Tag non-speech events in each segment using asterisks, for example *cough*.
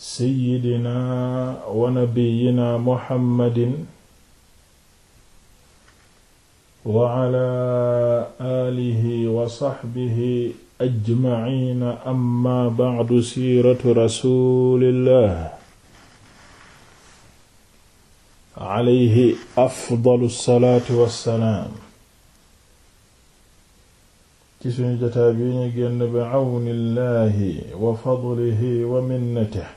seyyidina wa nabiyina muhammadin wa ala alihi wa saxbihi ajmaciina amma bacdu siiratu rasulillah alayhi afdalu salaatu wassalaam ci sunu jotaay bi ñu génn bi cawnillahi wa fadlihi wa minnatihi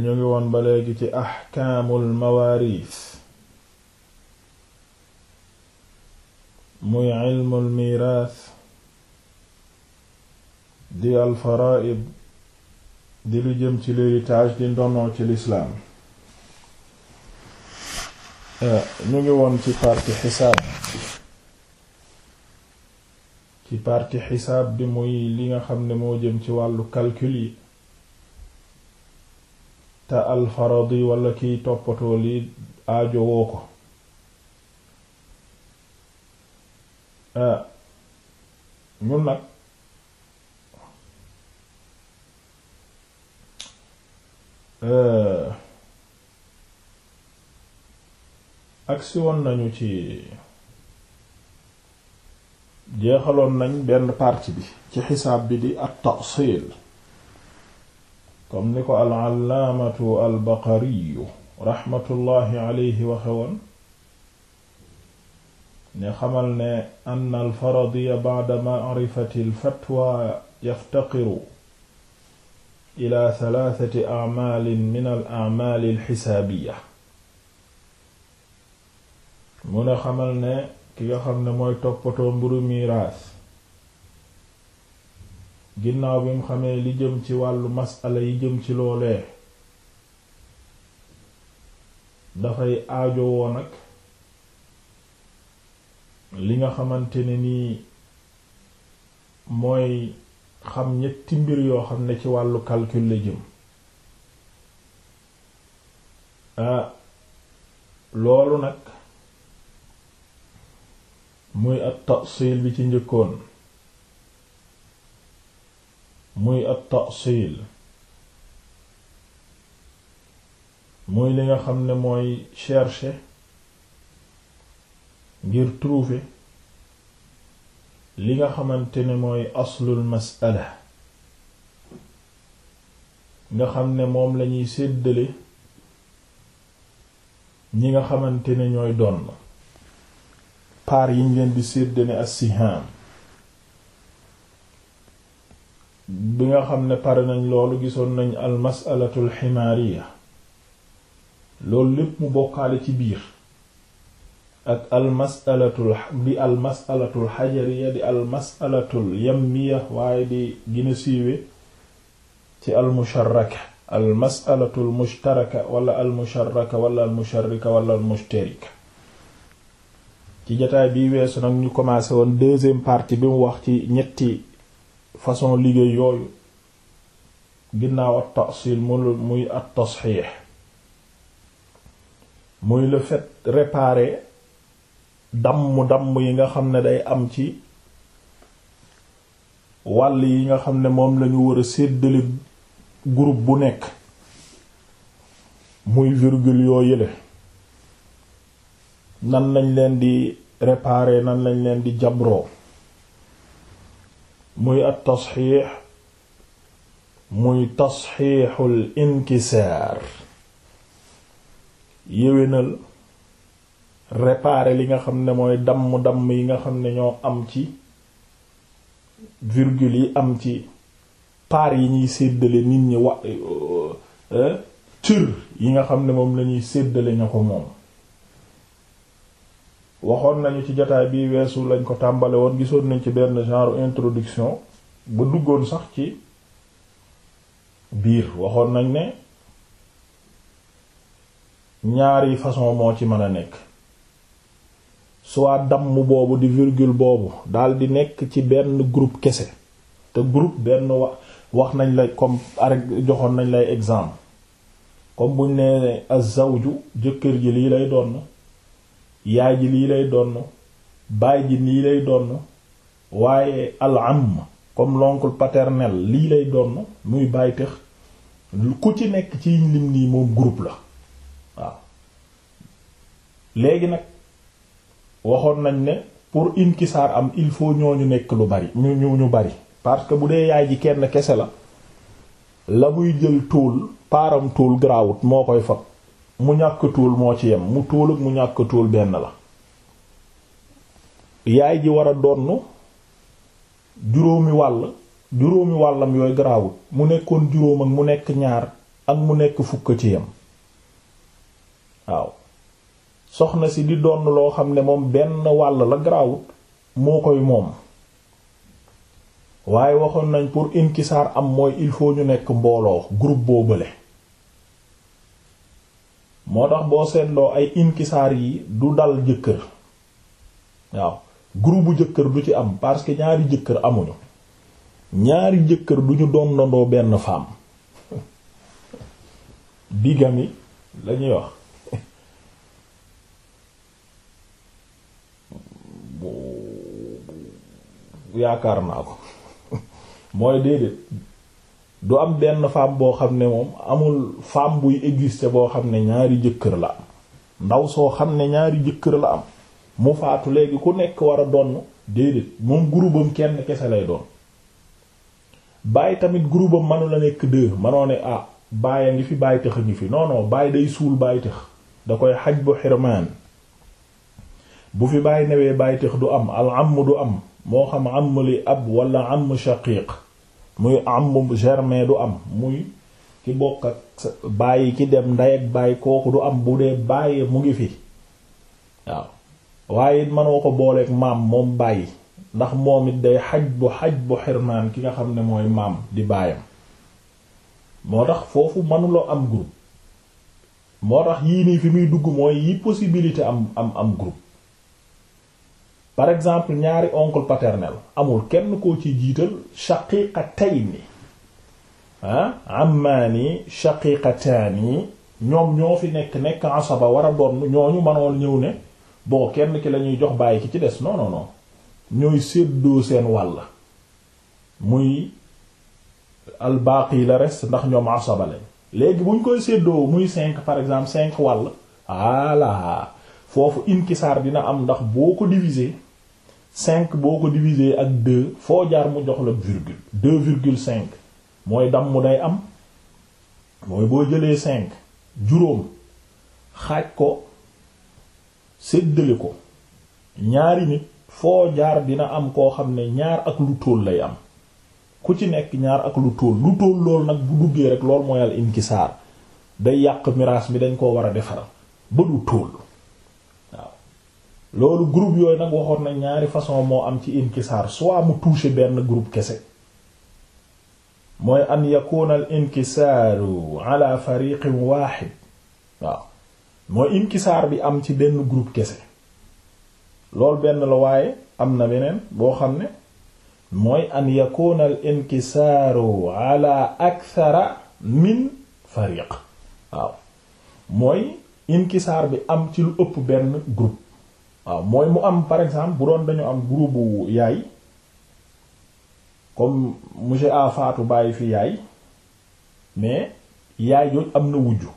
ñu ngi woon ba léegi ci axkaamul mawaaris muy ilmul miiraas di alfaraid di lu jëm ci l'héritage di ndonoo ci lislaam ñu ngi woon ci partie xisaab bi muy li nga xam ne moo jëm ci wàllu calcul yi te alfaradi walla kiy toppatoo li aajowoo ko ah, ñun nag ah, agsi woon nañu ci jeexaloon nañ benn partie bi ci xisaab bi di at-tafsil comme ni ko al-allaamatu al-baqariyu raxmatullahi alayhi waxe woon ne xamal ne an al-faradiya ba'da ma'rifati al-fatwa yaftaqiru ila thalathati a'maalin min al al-xisaabiya ne mooy toppatoo mburu miraas ginnaaw bi mu xamee li jëm ci wàllu masala yi jëm ci loolee dafay aajo woo nag li nga xamante ne nii mooy xam ñetti mbir yoo xam ne ci wàllu calcul la jëm ah loolu nag muy at tafsil bi ci njëkkoon muy at-ta'sil muy li nga xam ne mooy chercher ngir trouver li nga xamante ne mooy aslul mas'ala nga xam ne moom lañuy séddale ñi nga xamante ne ñooy doon part yi ngeen di séddale as bi nga xam ne pare nañ loolu gisoon nañu al masalatul ximaariya loolu lépp mu bokkaale ci biir ak al masalatul di al masalatul waaye di gën a ci al musharraka al masalatul mushtaraka wala al musharraka wala al musharrika wala al ci jataay bi weesu nag ñu commencé woon deuxième partie bi mu wax ci ñetti façon liggéey yooyu ginnaaw at tasil muy at tasxiix muy le fait réparer damm damm yi nga xam ne day am ci wàll yi nga xam ne moom lañu war a séddale groupe bu nekk muy virgule yoo yële nan lañ leen di réparer nan lañ leen di jabroo muy at tasxiix muy tasxiixul inkisaar yéwénal réparer li nga xam ne mooy damm damm yi nga xam ne ñoo am ci virgule yi am ci paar yi ñuy séddale nit ñi wax cër euh, euh, yi nga xam ne moom lañuy séddale ña ko moom waxoon nañu ci jotaay bi weesu lañ ko tàmbale woon gisoon nañ ci benn genre introduction ba duggoon sax ci biir waxoon nañ ne ñaari façon moo ci mën a nekk soit damm boobu di virgule boobu dal di nekk ci benn group kese te groupe benn wa wax nañ la comme arek joxoon nañ lay exemple comme buñ ne azawju jëkkër ji lii lay doon yaay ji lii lay donn baay ji lii lay donn waaye al am comme l'oncle paternel lii lay donn muy baay tëx ku ci nekk ci lim nii moom groupe la waaw léegi nag waxoon nañ ne pour inkisaar am il faut ñooñu nekk lu bari ñu ñu ñu bari parce que bu dee yaay ji kenn kese la la muy jël tóol paaram tóol grawut moo koy fab mu ñàkk tuul moo ci yem mu tuul ak mu ñàkkatuwul benn la yaay ji war a donn juróomi wàll juróomi wàllam yooyu garaawut mu nekkoon juróom ak mu nekk ñaar ak mu nekk fukk ci yem waaw soxna si di donn loo xam ne moom benn wàll la garaawut moo koy moom waaye waxoon nañ pour inkisaar am mooy il faut ñu nekk mbooloo groupe boo bële moo tax boo seetloo ay inkisaar yi du dal jëkkër waaw groupe jëkkër du ci am parce que ñaari jëkkër amuñu ñaari jëkkër du ñu doon nandoo benn femme *laughs* bigamie lañuy wax *laughs* yaakaar naa ko *laughs* mooy déedéet du am benn femme boo xam ne moom amul femme buy exister boo xam ne ñaari jëkkër la am ndaw soo xam ne ñaari jëkkër la am mu faatu léegi ku nekk war a donn déedéet moom groupam kenn kese lay doon bàyyi tamit groupam manu la nekk deux manoo ne ah, bàyyi a ngi fi bàyyi tëx a fi non non bàyyi day suul bàyyi tëx da koy xaj bu xirmaan bu fi bàyyi newee bàyyi tëx du am al amm du am moo xam amm li ab wala amm shaqiq muy am germain du am muy ki bokk ak bàyyi ki dem ndey ak bàyyi kooku du am bu dee bàyyi mu ngi fi waaw waaye it mënoo ko booleeg maam moom bàyyi ndax moom it day xaj bu xaj bu xirmaan ki nga xam ne mooy maam di baayam moo tax foofu mënuloo am group moo tax yii nii fi muy dugg mooy yi possibilité am am am groupe par exemple ñaari oncle paternel amul kenn koo ci jiital shaqiqatayni ah ammaani shaqiqataani ñoom ñoo fi nekk nekk ba war a doon ñooñu manoon ñëw ne bon kenn ki la ñuy jox bàyyi ki ci des non non non ñooy séddoo seen wàll muy yi la reste ndax ñoom asaba lañ léegi buñ koy séddoo muy cinq par exemple cinq wàll ala foofu inkisaar dina am ndax boo ko diviser cinq boo ko diviser ak deux foo jaar mu jox la virgule virgule cinq mooy dam mu day am mooy boo jëlee cinq juróom xaaj ko séddale ko ñaari nit foo jaar dina am koo xam ne ñaar ak lu tóol lay am ku ci nekk ñaar ak lu tóol lu tóol lool nag bu duggee rek lool mooy al inkisaar day yàq miraas mi dañ koo war a defar ba du tóol loolu group yooyu nag waxoon na ñaari façon moo am ci inkisaar soit mu toucher benn group kese mooy an yakuna al inkisaaru ala fariqin waaw mooy inkisaar bi am ci benn group kese loolu benn la waaye am na beneen boo xam ne mooy an yakuna al inkisaaru ala akthara min fariq waaw mooy inkisaar bi am ci lu ëpp benn groupe waaw mooy mu am par exemple bu doon dañu am groupe bu yaay comme monsieur A faatu bàyyi fi yaay mais yaay jooj am na wujju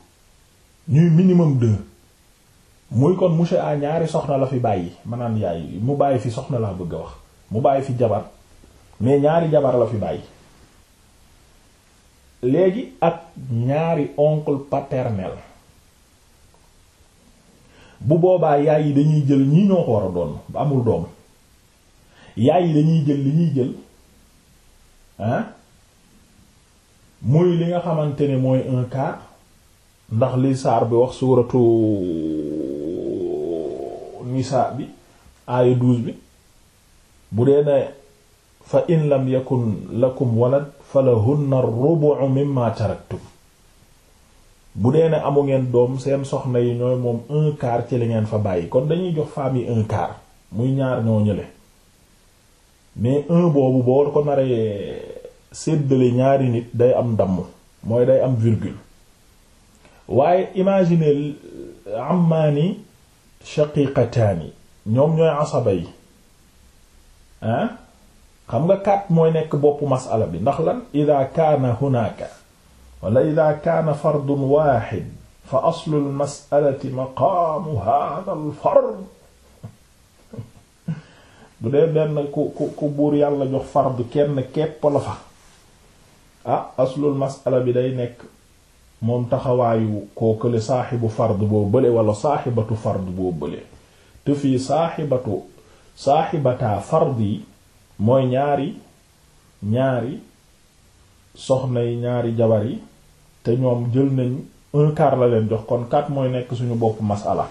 ñuy minimum deux muy kon monsieur A ñaari soxna la fi bàyyi maanaam yaay mu bàyyi fi soxna laa bëgg a wax mu bàyyi fi jabar mais ñaari jabar la fi bàyyi léegi ak ñaari oncle paternel bu boobaa yaay yi dañuy jël ñii ñoo ko war a doon ba amul doom yaay yi dañuy jël li ñuy jël ah muy li nga xamante ne mooy un quart ndax li saar bi wax suuratu nisaa bi aaya douze bi bu dee ne fa in lam yakun lakum walad falahunna rubu'u mimma taraktum bu dee ne amu ngeen doom seen soxna yi ñooy moom un quart ci la ngeen fa bàyyi kon dañuy jox femme yi un quart muy ñaar ñoo ñële mais un boobu boo ko naree séddale ñaari nit day am damm mooy day am virgule waaye imagine amaani shaqiqataani ñoom ñooy asaba yi xam nga kat mooy nekk boppu masala bi ndax lan ida kaana hunaka wala ida kaana fardun waaxid fa aslu almasalati maqaamu hada alfard *laughs* bu dee benn ku buur yàlla jox fard kenn képp la fa ah aslul masala bi day nekk moom taxawaayu koo kële saaxibu fard boo bële saaxibatu fard boo bële saaxibatu saaxibataa fard mooy ñaari ñaari soxna ñaari jabar yi te ñoom jël nañ un quart leen jox kon quatre nekk suñu bopp masala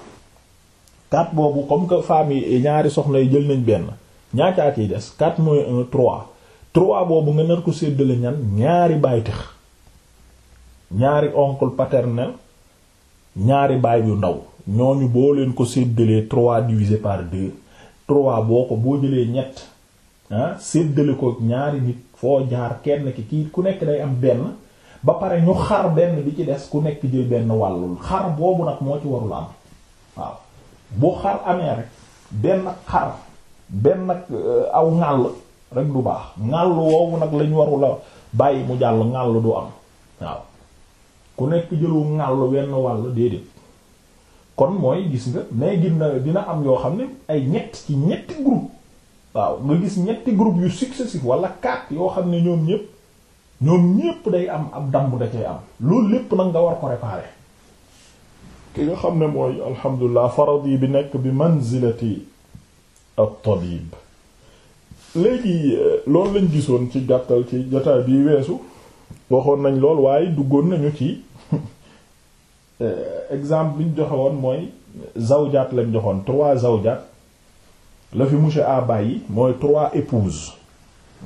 quatre boobu comme que famille ñaari soxna yi jël nañ benn ñaataat yi des quatre mooy un trois trois boobu nga nar ko séddale ñan ñaari baay tëx ñaari oncle paternel ñaari baay yu ndaw ñooñu boo leen ko séddalee trois divisé par deux trois boo ko boo jëlee ñett ah ko ñaari nit foo jaar kenn ki kii ku nekk day am benn ba pare ñu xar benn bi ci des ku nekk jël benn wàllul xar boobu nag moo ci warul am waaw bu xar amee rek benn xar benn euh, aw ŋàll rek du baax ŋàll woowu nag lañ warul bàyyi mu jàll ŋàll du am waaw ku nekk jëlu ŋàll wenn wàll déedéet kon mooy gis nga mais gis na dina am yoo xam ne ay ñett ci ñetti groupe waaw nga gis ñetti groupe yu successif wala quatre yoo xam ne ñoom ñépp ñoom ñépp day am ab damb da cay am loolu lépp nag nga war ko réparer ki nga xam ne mooy alhamdulilah farad yi bi nekk bi manzilati at-tabib léegi euh, loolu lañ gisoon ci gàttal ci jotaay bi weesu waxoon nañ lool waaye duggoon nañu ci *laughs* euh, exemple bi joxewoon joxe woon mooy zawjaat lañ joxoon trois zawjaat la fi monsieur a bàyyi mooy trois épouses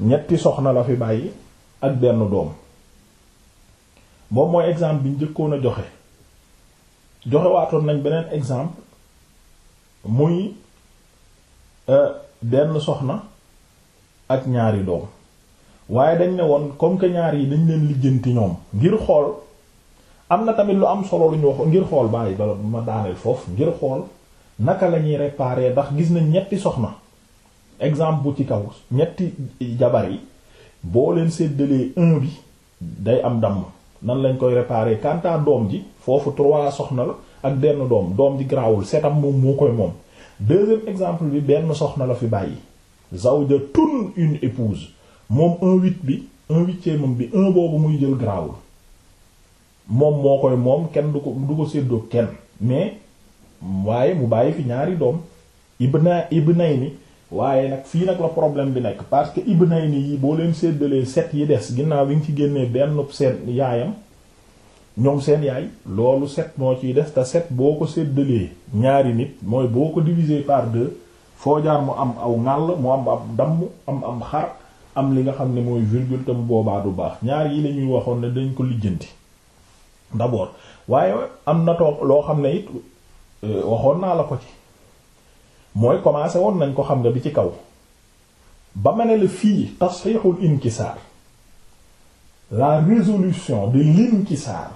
ñetti soxna la fi bàyyi ak benn doom boobu mooy exemple bi njëkkoon a joxe joxewaatoon nañ beneen exemple muy euh, benn soxna ak ñaari doom waaye dañ ne woon comme que ñaar yi dañ leen lijjanti ñoom ngir xool am na tamit lu am solo lu ñu wax ngir xool bàyyi bala ma daaneel foofu ngir xool naka la ñuy réparer ndax gis nañ ñetti soxna exemple bu ci kaw ñetti jabar yi boo leen séddalee un bi day am damm nan lañ koy réparer quant doom ji foofu trois soxna la ak benn doom doom ji garaawul setam moom moo koy moom deuxième exemple bi benn soxna la fi bàyyi zawjatun une épouse moom un huit bi un huitième bi un boobu muy jël garaawul moom moo koy moom kenn du ko du ko séddoo kenn mais waaye mu bàyyi fi ñaari doom ibna ibnay ni waaye nag fii nag la problème bi nekk parce que ibnayni yi boo leen séddalee set yi des ginnaaw bi nga ci génnee benn seen yaayam ñoom seen yaay loolu set moo ciy des te set boo ko séddalee ñaari nit mooy boo ko diviser par deux foo mu am aw ŋàll mu am ab damm am am xar am li nga xam ne mooy virgule tam boobaa du baax ñaar yi la ñuy waxoon ne dañ ko lijjanti d'abord waaye am na toog loo xam ne it euh, waxoon naa la ko ci mooy commencé woon nañ ko xam nga bi ci kaw ba ma ne la fii tasxiixul inkisaar la résolution de l'inkisaar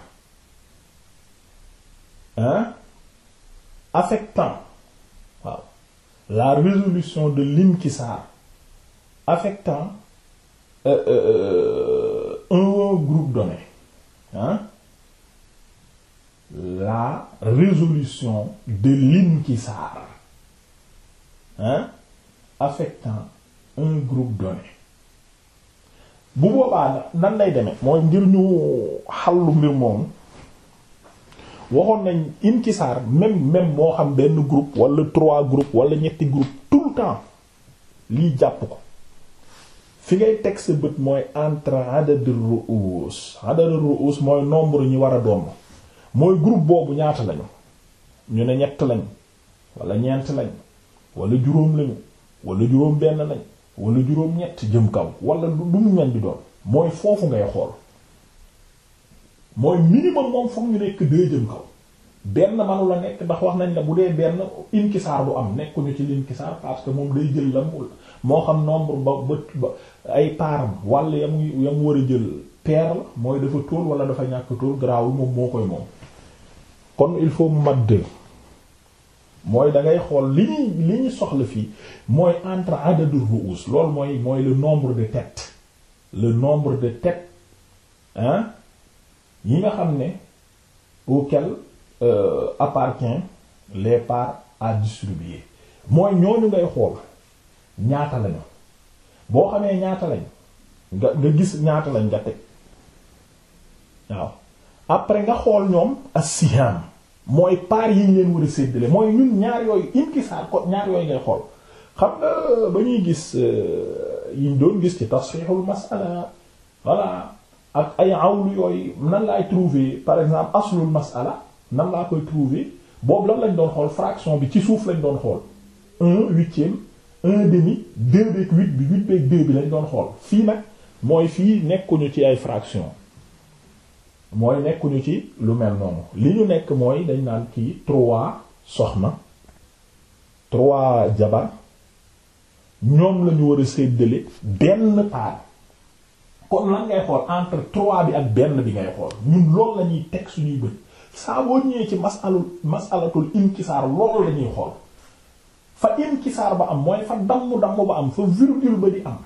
hein affectant waaw la résolution de l'inkisaar affectant euh, euh, euh un groupe donné hein la résolution de l'inkisaar hein affectant un groupe donné bu boobaa nan lay deme mooy ngir ñu xallu mbir moomu waxoon nañ inkisaar même même moo xam benn group wala trois groupes wala ñetti groupe tout le temps lii jàpp ko fi ngay teg sa bët mooy entre adad ru'us adad ru'us mooy nombre ñi war a doom mooy group boobu ñaata lañu ñu ne ñett lañ wala ñeent lañ wala juróom lañu wala juróom benn lañ wala juróom ñett jëm kaw wala lu mu mel di doon mooy foofu ngay xool mooy minimum moom foog ñu nekk deux jëm kaw benn manu la nekk wax nañ la bu dee benn inkisaar bu am nekkuñu ci l'inkisaar parce que moom day jël lam moo xam nombre ba ba ay paaram wàll yam yam war a jël paire la mooy dafa tóol wala dafa ñàkk tóol garaawul moom moo koy moom kon il faut mu mat deux mooy dangay xool li ñuy li ñuy soxla fii mooy entre adadu ruus loolu mooy mooy le nombre de têtes le nombre de têtes hein yi nga xam ne auquel euh, appartient les parts à distribuer mooy ñooñu ngay xool ñaata lañu boo xamee ñaata lañ nga nga gis ñaata lañ nga teg waaw après nga xool ñoom as-siyam mooy paar yi ñu leen war a séddale mooy ñun ñaar yooyu inkisaar ko ñaar yooyu ngay xool xam nga euh, ba ñuy gis euh, yi ñu doon gis ci tasfixul masala voilà ak ay awlu yooyu nan laay trouver par exemple aslul masala nan laa koy trouver boobu lan lañ doon xool fraction bi ci suuf lañ doon xool un huitième un demi deux beeg bi huit beeg deux bi lañ doon xool fii nag mooy fii nekkuñu ci ay fraction mooy nekkuñu ci lu mel noonu li ñu nekk mooy dañ naan kii trois soxna trois jabar ñoom lañu war a séddale benn paar kon lan ngay xool entre trois bi ak benn bi ngay xool ñun loolu lañuy teg suñuy bët saa boo ñëwee ci masalul masalatul inkisaar loolu lañuy xool fa inkisaar ba am mooy fa damm damm ba am fa virgule ba di am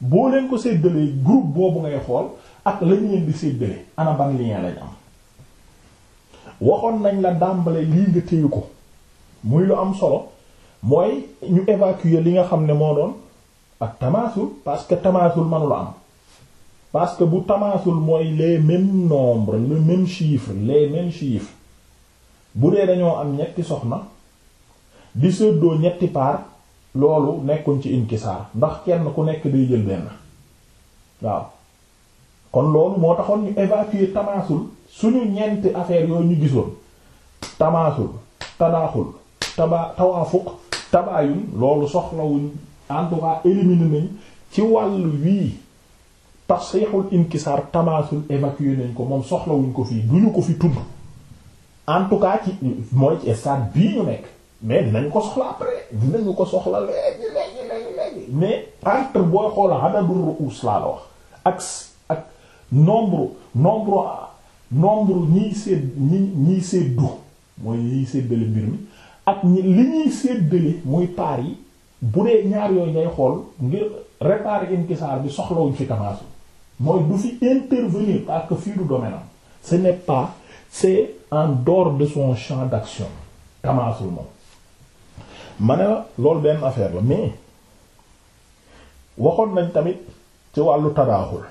boo leen ko séddalee group boobu ngay xool ak lañ leen di séddale ana lien lañ am waxoon nañ la dàmbale lii nga téye ko muy lu am solo mooy ñu évacuer li nga xam ne moo doon ak tamaasul parce que tamaasul manula am parce que bu tamaasul mooy les mêmes nombres le même chiffre les mêmes chiffres bu dee dañoo am ñetti soxna di séddoo ñetti paar loolu nekkuñ ci inkisaar ndax kenn ku nekk day jël benn waaw kon loolu moo taxoon ñu évacuer tamaasul suñu ñeenti affaire yooyu ñu gisoon tamaasul tadaaxul taba tawaafuq tabaayun loolu soxlawuñ en tout cas éliminer ci wàllu wii tasxiixul inkisaar tamaasul évacuer nañ ko moom soxlawuñ ko fii duñu ko fi tudd en tout cas ci mooy ci stade bii ñu nekk mais dinañ ko soxla après dinañu ko soxla léegi léegi léegi léegi mais entre booy xool adadul ruus laa la wax nombre nombre nombre ñiy sédd ñi ñiy séddu mooy ñiy séddale mbir mi ak li ñuy séddale muy paar yi bu dee ñaar yooyu ngay xool ngir réparer inkisaar bi soxlawuñ fi tamasu mooy du fi intervenir que fii du domaine am ce n'est en dehors de son champ d'action tamaasul moom ma ne la loolu benn affaire la mais waxoon nañ tamit ci wàllu tadaaxul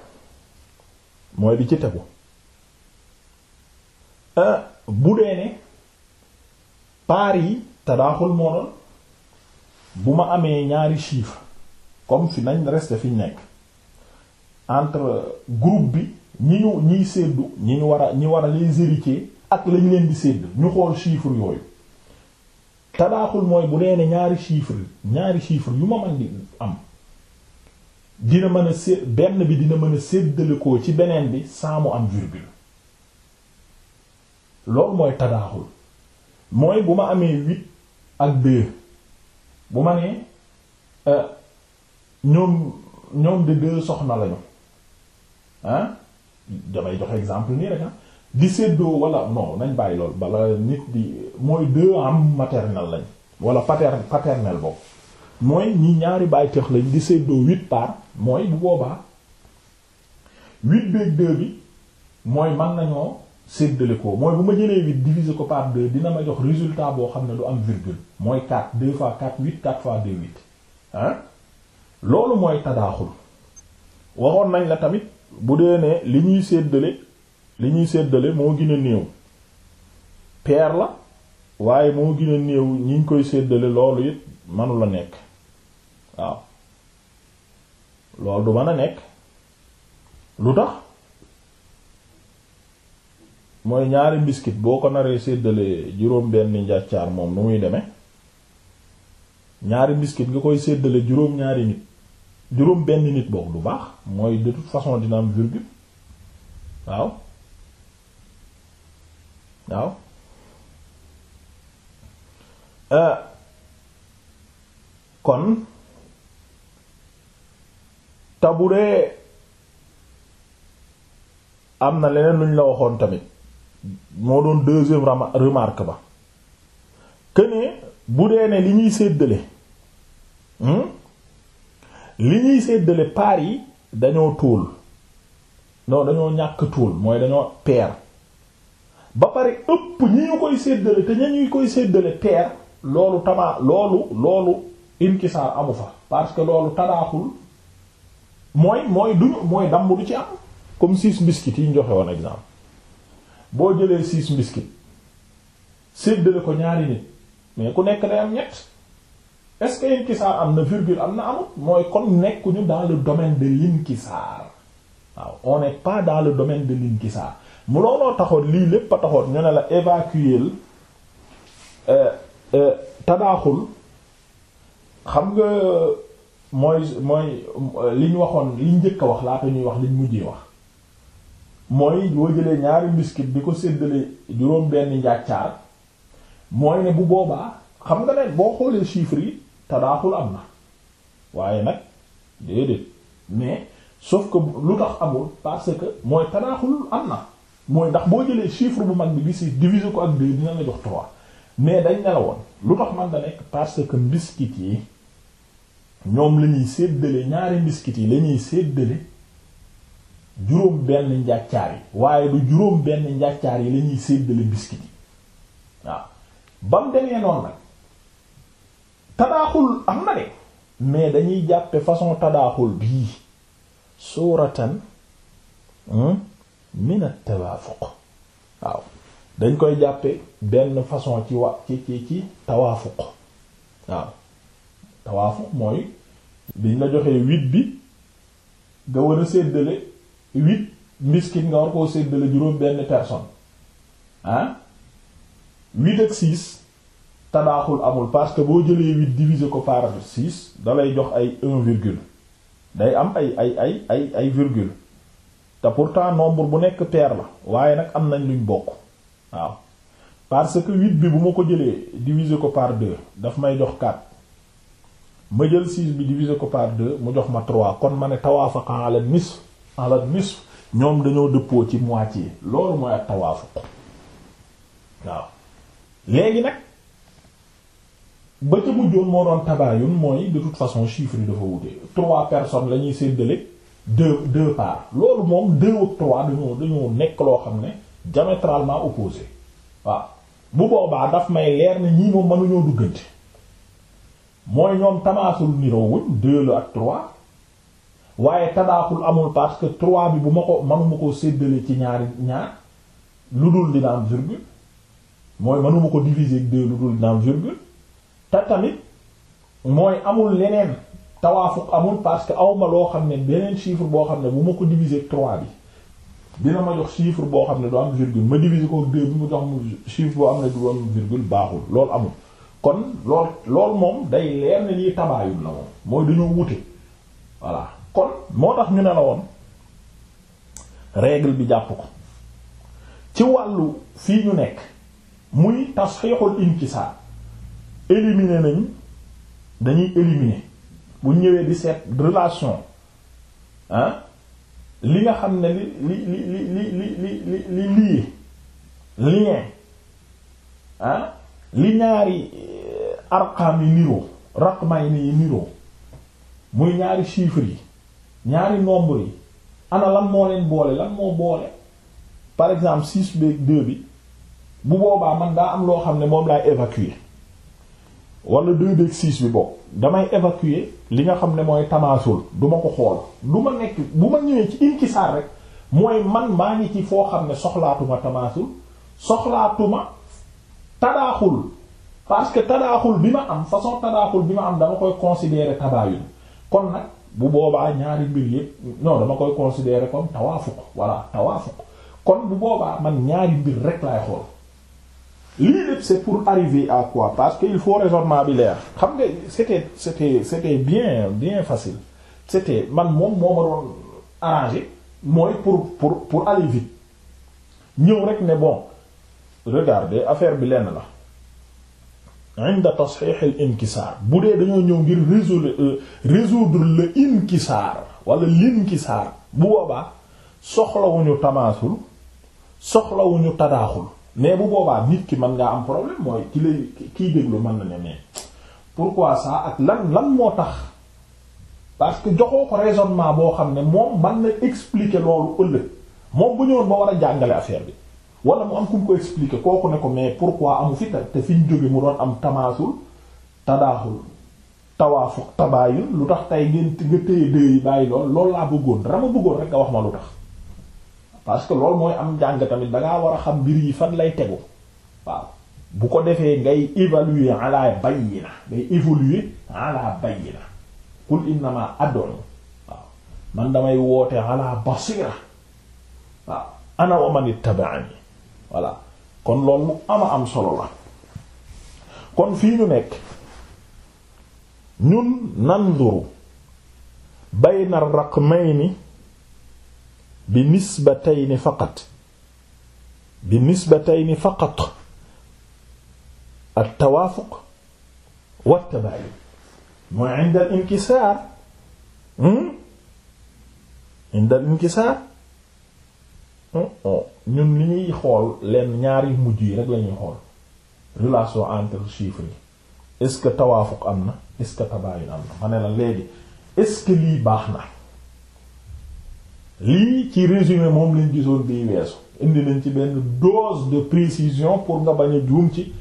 mooy bi ci tegu euh, bu dee ne paar yi tadaaxul moo bu ma amee ñaari chiffre comme fi nañ reste fi nekk entre groupe bi ñi ñu ñiy séddu ñi ñu war a ñi war a les ak lañu leen di séddu ñu xool chiffre yooyu tadaaxul mooy bu dee ne ñaari chiffre ñaari chiffre yu ma mën di am dina mën a sé benn bi dina mën a séddalikoo ci beneen bi sans mu am virgule loolu mooy tadaaxul mooy bu ma amee huit ak deux bu ma nee euh, ñoom ñoom de deux soxna lañu ah damay joxe exemple nii rek ah di séddoo wala non nañ bàyyi lool bala nit di mooy deux am maternel lañ wala pater paternel boobu mooy ñi ñaari bàyyi teex lañ di séddoo wit parts mooy bu boobaa huit beeg deux bi mooy mën nañoo séddale ko mooy bu ma jëlee huit diviser ko par deux dina ma jox résultat boo xam ne du am virgule mooy quatre deux fois quatre fois deux huit ah loolu mooy tadaaxul waxoon nañ la tamit bu dee ne li ñuy séddale li ñuy séddale moo gën néew paire la waaye moo gën a néew ñi ñu koy séddale loolu it manu nekk waaw loolu du mën a nekk lu tax mooy ñaari biskit boo ko naree séddalee juróom benn njàccaar moom nu muy demee ñaari biskit nga koy séddale juróom ñaari nit juróom benn nit boog du baax mooy de toute façon dina am virgule waaw waaw euh, kon te bu am na leneen lu la waxoon tamit moo doon deuxième remarque ba li ñuy séddale hmm? li séddale paar yi dañoo tóol non dañoo ñàkk tóol mooy dañoo peer ba pare ëpp ñi ñu koy séddale te ña ñuy koy séddale peer loolu tamaa loolu loolu inkisaar amu fa parce que loolu tadaaxul mooy mooy duñu mooy damm ci am comme six biscuits yi ñu joxe woon exemple boo jëlee six biscuits séddale ko ñaari nit mais ku nekk day am ñett est-ce que inkisaar am na virgule am na amut mooy kon nekkuñu dans le domaine de l'inkisaar waaw on n'est pas dans le domaine de l'inkisaar mu looloo taxoon lii lépp a taxoon ñu ne la évacuer euh, euh, tadaaxul xam nga mooy mooy liñ waxoon liñ njëkk a wax laata ñuy wax liñ mujjee wax mooy boo jëlee ñaari mbiskit di ko séddale juróom benn njàccaar mooy ne bu boobaa xam nga ne boo xoolee chiffres yi tadaaxul am na waaye nag déedéet mais sauf ko lu tax amul parce que mooy tadaaxul am na mooy ndax boo jëlee chiffre bu mag bi gisi diviser ko ak deux dina la jox trois mais dañ ne la woon lu tax man da nekk parce que mbiskit yi ñoom la ñuy ñaari mbiskit yi lañuy ñuy séddale juróom benn njàccaar yi waaye du juróom benn njàccaar yi lañuy ñuy mbiskit yi waaw ba mu nag tadaaxul am na de mais dañuy jàppe façon tadaaxul bii suuratan hmm, min at-tawaafuq waaw dañ koy jàppe benn façon ci wa ci ci ci tawaafuq waaw tawaafuk mooy biñ la joxee huit bi nga war a séddale huit mbiskit nga war koo séddale juróom benn personne ah huit ak six tadaaxul amul parce que boo jëlee huit diviser ko par six dalay jox ay un virgule day am ay ay ay ay ay virgule te pourtant nombre bu nekk pair la waaye nag am nañ luñ bokk waaw parce que huit bi bu ma ko jëlee diviser ko par deux daf may jox kat ma jël 6 bi diviser ko par 2 mu jox ma 3 kon ma ne tawaafaqa ala nisf ala nisf ñoom dañoo dëppoo ci moitié loolu mooy ak tawaafuq waaw léegi nag ba ca mujjoon moo doon tabaayun mooy de toute façon chiffre yi dafa wute trois personnes la ñuy séddale deux deux parts loolu moom deux ak trois dañoo dañoo nekk loo xam ne diamétralement opposé waaw bu boobaa daf may leer ne ñii moom mënuñoo duggante. mooy ñoom tamaasul niroo wuñ deux la ak trois waaye tadaaxul amul parce que trois bi bu ma ko manuma koo séddale ci ñaari ñaar lu dul dina am virgule mooy manuma ko diviser ak deux lu dul dina am virgule te mooy amul leneen tawaafuq amul parce que awma loo xam ne beneen chiffre boo xam ne bu ma ko diviser ak trois bi dina ma jox chiffre boo xam ne du am virgule ma diviser ko ak deux bi mu jox mu chiffre boo am ne du am virgule baaxul loolu amul kon lool lool moom day leer ne lii tabaayun la moom mooy dañoo wute voilà kon moo tax ñu ne la woon règle bi jàpp ko ci wàllu fii ñu nekk muy tasxiixul inkisaar éliminer nañ dañuy éliminer bu ñëwee di set relation ah li nga xam ne li li li li li li li lii lien ah li ñaari eh, arqam yi niroo raqmay ni yi niroo muy ñaari chiffres yi ñaari nombre yi ana lan moo leen boole lan moo boole par exemple six beeg deux bi bu boobaa man daa am loo xam ne moom laay évacuer wala deux beeg six bi bokk damay évacuer li nga xam ne mooy tamaasul du ma ko xool du ma nekk bu ma ñëwee ci inkisaar rek mooy man maa ngi ci foo xam ne soxlaatuma tamaasul soxlaatuma tadaaxul parce que tadaaxul bi ma am façon tadaaxul bi ma am dama koy considérer tabaayun kon nag bu boobaa ñaari mbir yëpp non dama koy considérer comme tawaafuq voilà tawaafuq kon bu boobaa man ñaari mbir rek lay xool lii lépp c'est pour arriver à quoi parce que il faut raisonnement bi leer xam nga c'était c'était c'était bien bien facile c'était man moom moo ma doon arrangé mooy pour pour pour aller vite ñëw rek ne bon. regardez affaire bi lenn la inda tasxiix al inkisaar bu dee dañoo ñëw ngir résoudre euh, résoudre le inkisaar wala l'inkisaar bu boobaa soxlawuñu tamaasul soxlawuñu tadaaxul mais bu boobaa nit ki mën ngaa am problème mooy ki lay kiy déglu mën na ne mais pourquoi ça ak lan lan moo tax parce que joxoo ko raisonnement boo xam ne moom ban na expliquer loolu ëllëg moom bu ñëwoon ba war a jàngale affaire bi wala mu am ku mu ko expliquer kooku ne ko mais pourquoi amu fi te fi ñu jóge mu doon am tamaasul tadaaxul tawaafuq tabaayun lu tax tey ngeen nga téye déey bàyyi lool loolu laa bëggoon dara ma bëggoon rek nga wax ma lu tax parce que loolu mooy am jàng tamit dangaa war a xam mbir yi fan lay tegu waaw bu ko defee ngay évaluer ala bayyina ngay évoluer ala bayyina kul innama adon waaw man damay woote ala basira waaw ana wa man ittaba'ani voilà kon loolu lu ama am solo la kon fii ñu nekk ñun nanzuru bayna raqmayni bi nisbatayni faqat bi nisbatayni faqat at tawaafuq wa tabaayun mooy inda al inkisaar hmm? inda al inkisaar Euh, ñun li ñuy xool leen ñaari mujj yi rek lañuy xool relation entre chiffres yi est-ce que tawaafuq am na est-ce que tabaayun am na ma ne la léegi est lii baax na lii ci résumé moom lañ gisoon bii weesu indi nañ ci benn dose de précision pour nga bañ a juum ci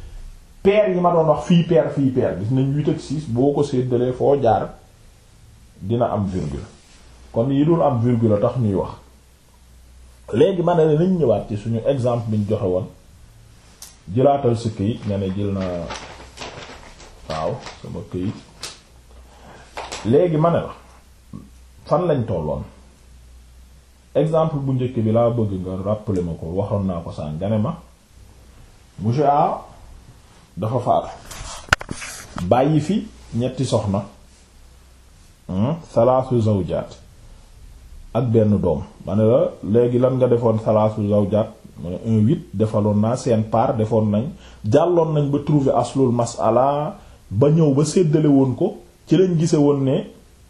paire yi ma doon wax fii paire fii paire gis nañ huit ak six boo ko séddalee foo jaar dina am virgule kon yi dul am virgule tax ñuy wax léegi ma ne nañ ñëwaat ci suñu exemple bi joxe woon jëlaatal sa këyit nga ne jël na waaw sama këyit léegi ma ne la fan lañ tolloon exemple bu njëkk bi laa bëgg nga rappeler ma ko waxoon naa ko sànq nga ne ma monsieur A dafa faatu bàyyi fi ñetti soxna hmm? salaasu zawjaat ak benn doom ma ne la léegi lan nga defoon salaasu zawjaat mu ne un huit defaloon naa seen part defoon nañ jàlloon nañ ba trouver aslul masala ba ñëw ba séddalewoon ko ci lañ gise woon ne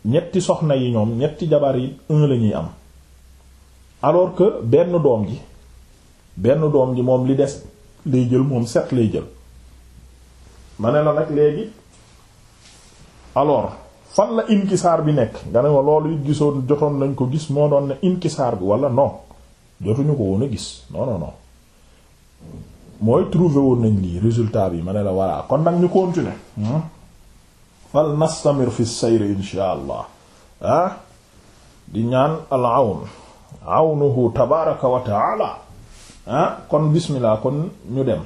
ñetti soxna yi ñoom ñetti jabar yi un la ñuy am alors que benn doom ji benn doom ji moom li des lay jël moom set lay jël ma ne la nag léegi alors fan la inkisaar bi nekk nga ne ma loolu it gisoon jotoon nañ ko gis moo doon ne inkisaar bi wala non jotuñu ko woon a gis non non non mooy trouvé woon nañ lii résultat bi ma ne la voilà kon nag ñu continuer hmm? fal nastamir fi sayr insha allah ah di ñaan al awn awnuhu tabaraka wa taala ah kon bismillah kon ñu dem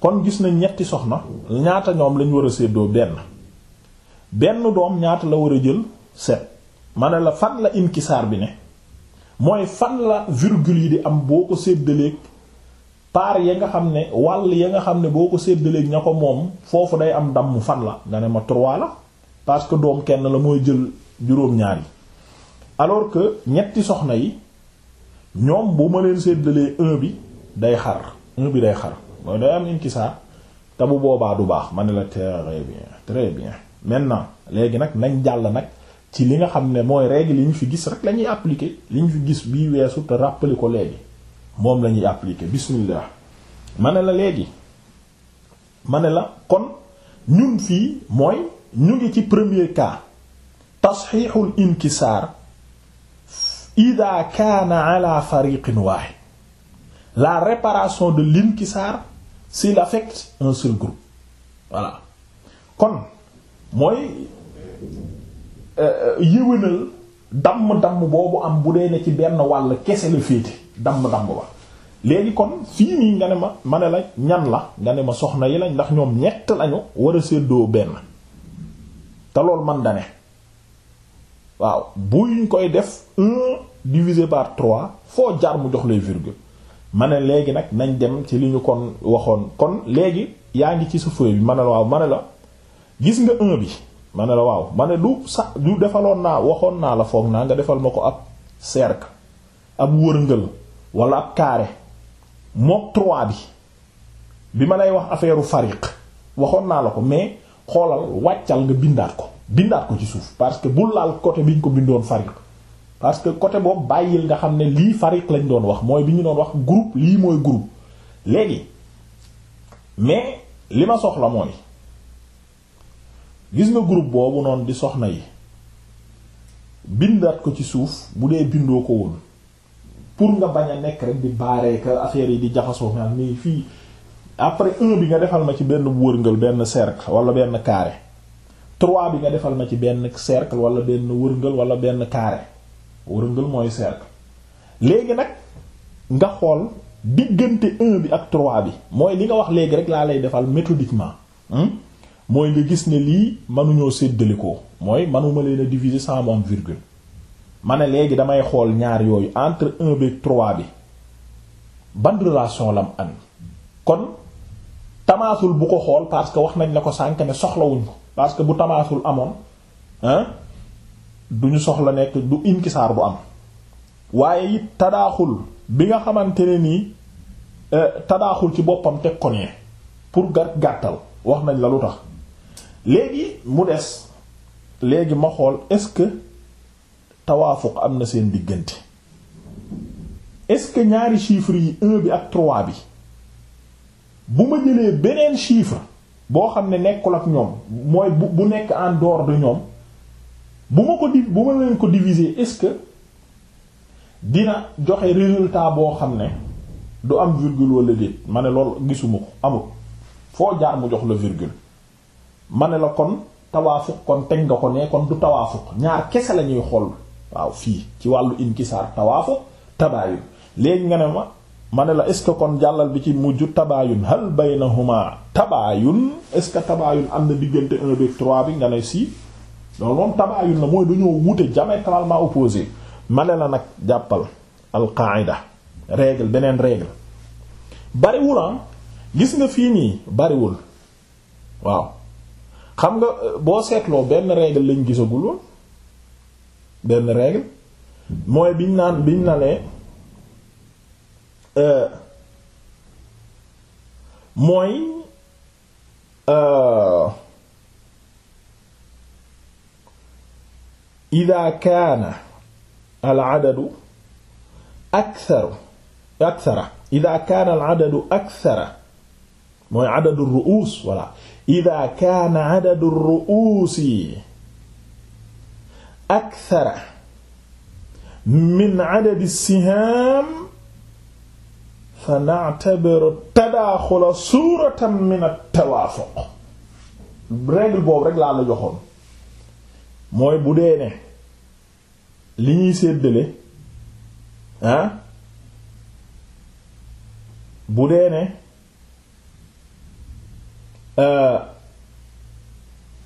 kon gis nañ ñetti soxna ñaata ñoom lañ war a séddoo benn benn doom ñaata la war a jël set ma ne la fan la inkisaar bi ne mooy fan la virgule di am boo ko séddaleeg paar ya nga xam ne wàll ya nga xam ne boo ko séddaleek ña ko moom foofu day am damm fan la nga ne ma trois la parce que doom kenn la mooy jël juróom-ñaar yi alors que ñetti soxna yi ñoom bu ma leen séddalee un bi day xar un bi day xar mooy day am inkisaar te bu boobaa du baax ma ne la très bien très bien maintenant léegi nag nañ jàll nag ci li nga xam ne mooy règle yi ñu fi gis rek la ñuy li ñu fi gis bii weesu te rappeler ko léegi moom lañuy ñuy appliquer bismillah ma ne la léegi ma ne la kon ñun fii mooy ñu ngi ci premier cas tasxiixul inkisaar ida kaana ala fariqin wahid la réparation de l'inkisaar s'il affecte un seul groupe voilà kon mooy euh, euh, yëwénal damm-damm boobu am bu dee ne ci benn wàll kese la féete damm-damm ba léegi kon fii nii nga ne ma mane la ñan la nga ne ma soxna yi lañ ndax ñoom ñett lañu war a séddoo benn te lool man dane waaw bu ñu koy def un divisé par trois foo jaar mu jox lay virgule ma ne léegi nag nañ dem ci li ñu kon waxoon kon léegi yaa ngi ci sa feuille bi ma la waaw ma ne la gis nga un bi ma ne la waaw ma ne du sa du defaloon naa waxoon naa la foog naa nga defal ma ko ab cercle ab wërngël wala ab carré mook trois bi ma lay wax affaire fariq waxoon naa la ko mais xoolal wàccal nga bindaat ko bindaat ko ci suuf parce que bu laal côté bi ñu ko bindoon fariq parce que côté boobu bàyyil nga xam ne lii fariq lañ doon wax mooy bi ñu doon wax group lii mooy groupe léegi mais li ma soxla mooy. gis nga groupe boobu noonu di soxna yi bindaat ko ci suuf bu dee bindoo ko woon pour nga bañ a nekk rek di baaree ka affaire yi di jaxasoo naan ni fii après un bi nga defal ma ci benn wërngal benn cercle wala benn carré trois bi nga defal ma ci benn cercle wala benn wërngal wala benn carré wërngal mooy cercle léegi nag nga xool diggante un bi ak trois bi mooy li nga wax léegi rek laa lay defal méthodiquement hmm? mooy nga gis ne lii mënuñoo séddalikoo mooy manuma leen a diviser sans moom virgule ma ne léegi damay xool ñaar yooyu entre un beeg trois bi ban relation lam am kon tamaasul bu ko xool parce que wax nañ la ko sànk ne soxlawuñ ko parce que bu tamaasul amoon hein du soxla nekk du inkisaar bu am waaye it tadaaxul bi nga xamante ne nii euh, tadaaxul ci boppam teg ko pour gàtt gàttal wax nañ la lu tax léegi mu des léegi ma xool est-ce que tawaafuq am na seen diggante est-ce que ñaari chiffres yi un bi ak trois bi bu ma jëlee beneen chiffre boo xam ne nekkul ak ñoom mooy bu nekk en dehors de ñoom bu ma ko di bu ma leen ko diviser est-ce que dina joxe résultat boo xam ne du am virgule wala déet ma ne loolu gisuma ko amul foo jaar mu jox la virgule ma ne la kon tawaafuq kon teg nga ko ne kon du tawaafuq ñaar kese la ñuy xool waaw fii ci wàllu inkisaar tawaafuq tabaayun léegi nga ne ma ma ne la est ce que kon jàllal bi ci mujj tabaayun hal baynahuma tabaayun est ce que tabaayun am na diggante un deux trois bi nga ne si loolu moom tabaayun la mooy dañoo wute diamétralement opposé ma ne la nag jàppal alqaida règle beneen règle bariwul ah. gis nga fii nii bariwul waaw xam nga boo seetloo benn règle lañ gisagul woon benn règle mooy biñ naan biñ na ne euh, mooy euh, ida kaana al adadu akthara akthara ida kaana al adadu akthara mooy adadu ru'uus voilà ida kaana adadu ru'uusi akthara min adadi sihaam fa na'tabiru tadaaxula suuratan min at-tawaafuq règle boobu rek laa la joxoon mooy bu dee ne li ñuy séddale ah bu dee ne Euh,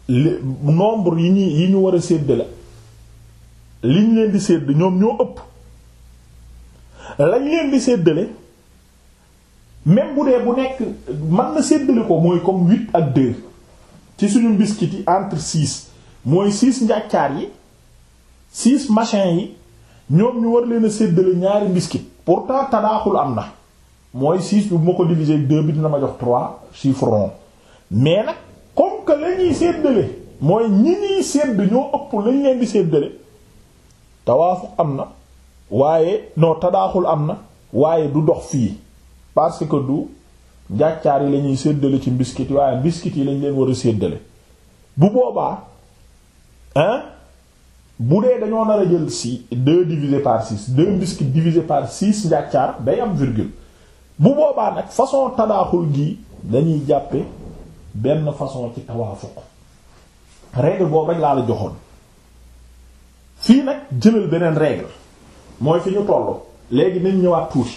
nombre yi ñu yi ñu war a séddale liñ leen di sédd ñoom ñoo ëpp lañ leen di séddale même bu dee bu nekk mën na séddale ko mooy comme huit ak deux ci suñu biscuit yi entre six mooy six njàccaar yi six machin yi ñoom ñu war leen a séddale ñaari biscuit pourtant tadaaxul am na mooy six bu ma ko diviser ak deux bi dina ma jox trois chiffre rond mais nag comme que la ñuy séddale mooy ñi ñuy sédd ñoo ëpp lañ leen di séddale tawaafuq am na waaye noo tadaaxul am na waaye du dox fii parce que du njàccaar yi lañuy seddale séddale ci mbiskit waaye mbiskit yi lañ leen war a séddale bu boobaa hein bu dee dañoo nar a jël si deux divisé par six deux mbiskit divisé par six njàccaar bay am virgule bu boobaa nag façon tadaaxul gii dañuy jàppe benn façon ci tawaafuq règle boobu rek laa la joxoon fii nag jëlal beneen règle mooy fi ñu toll léegi nañ ñëwaat tuuti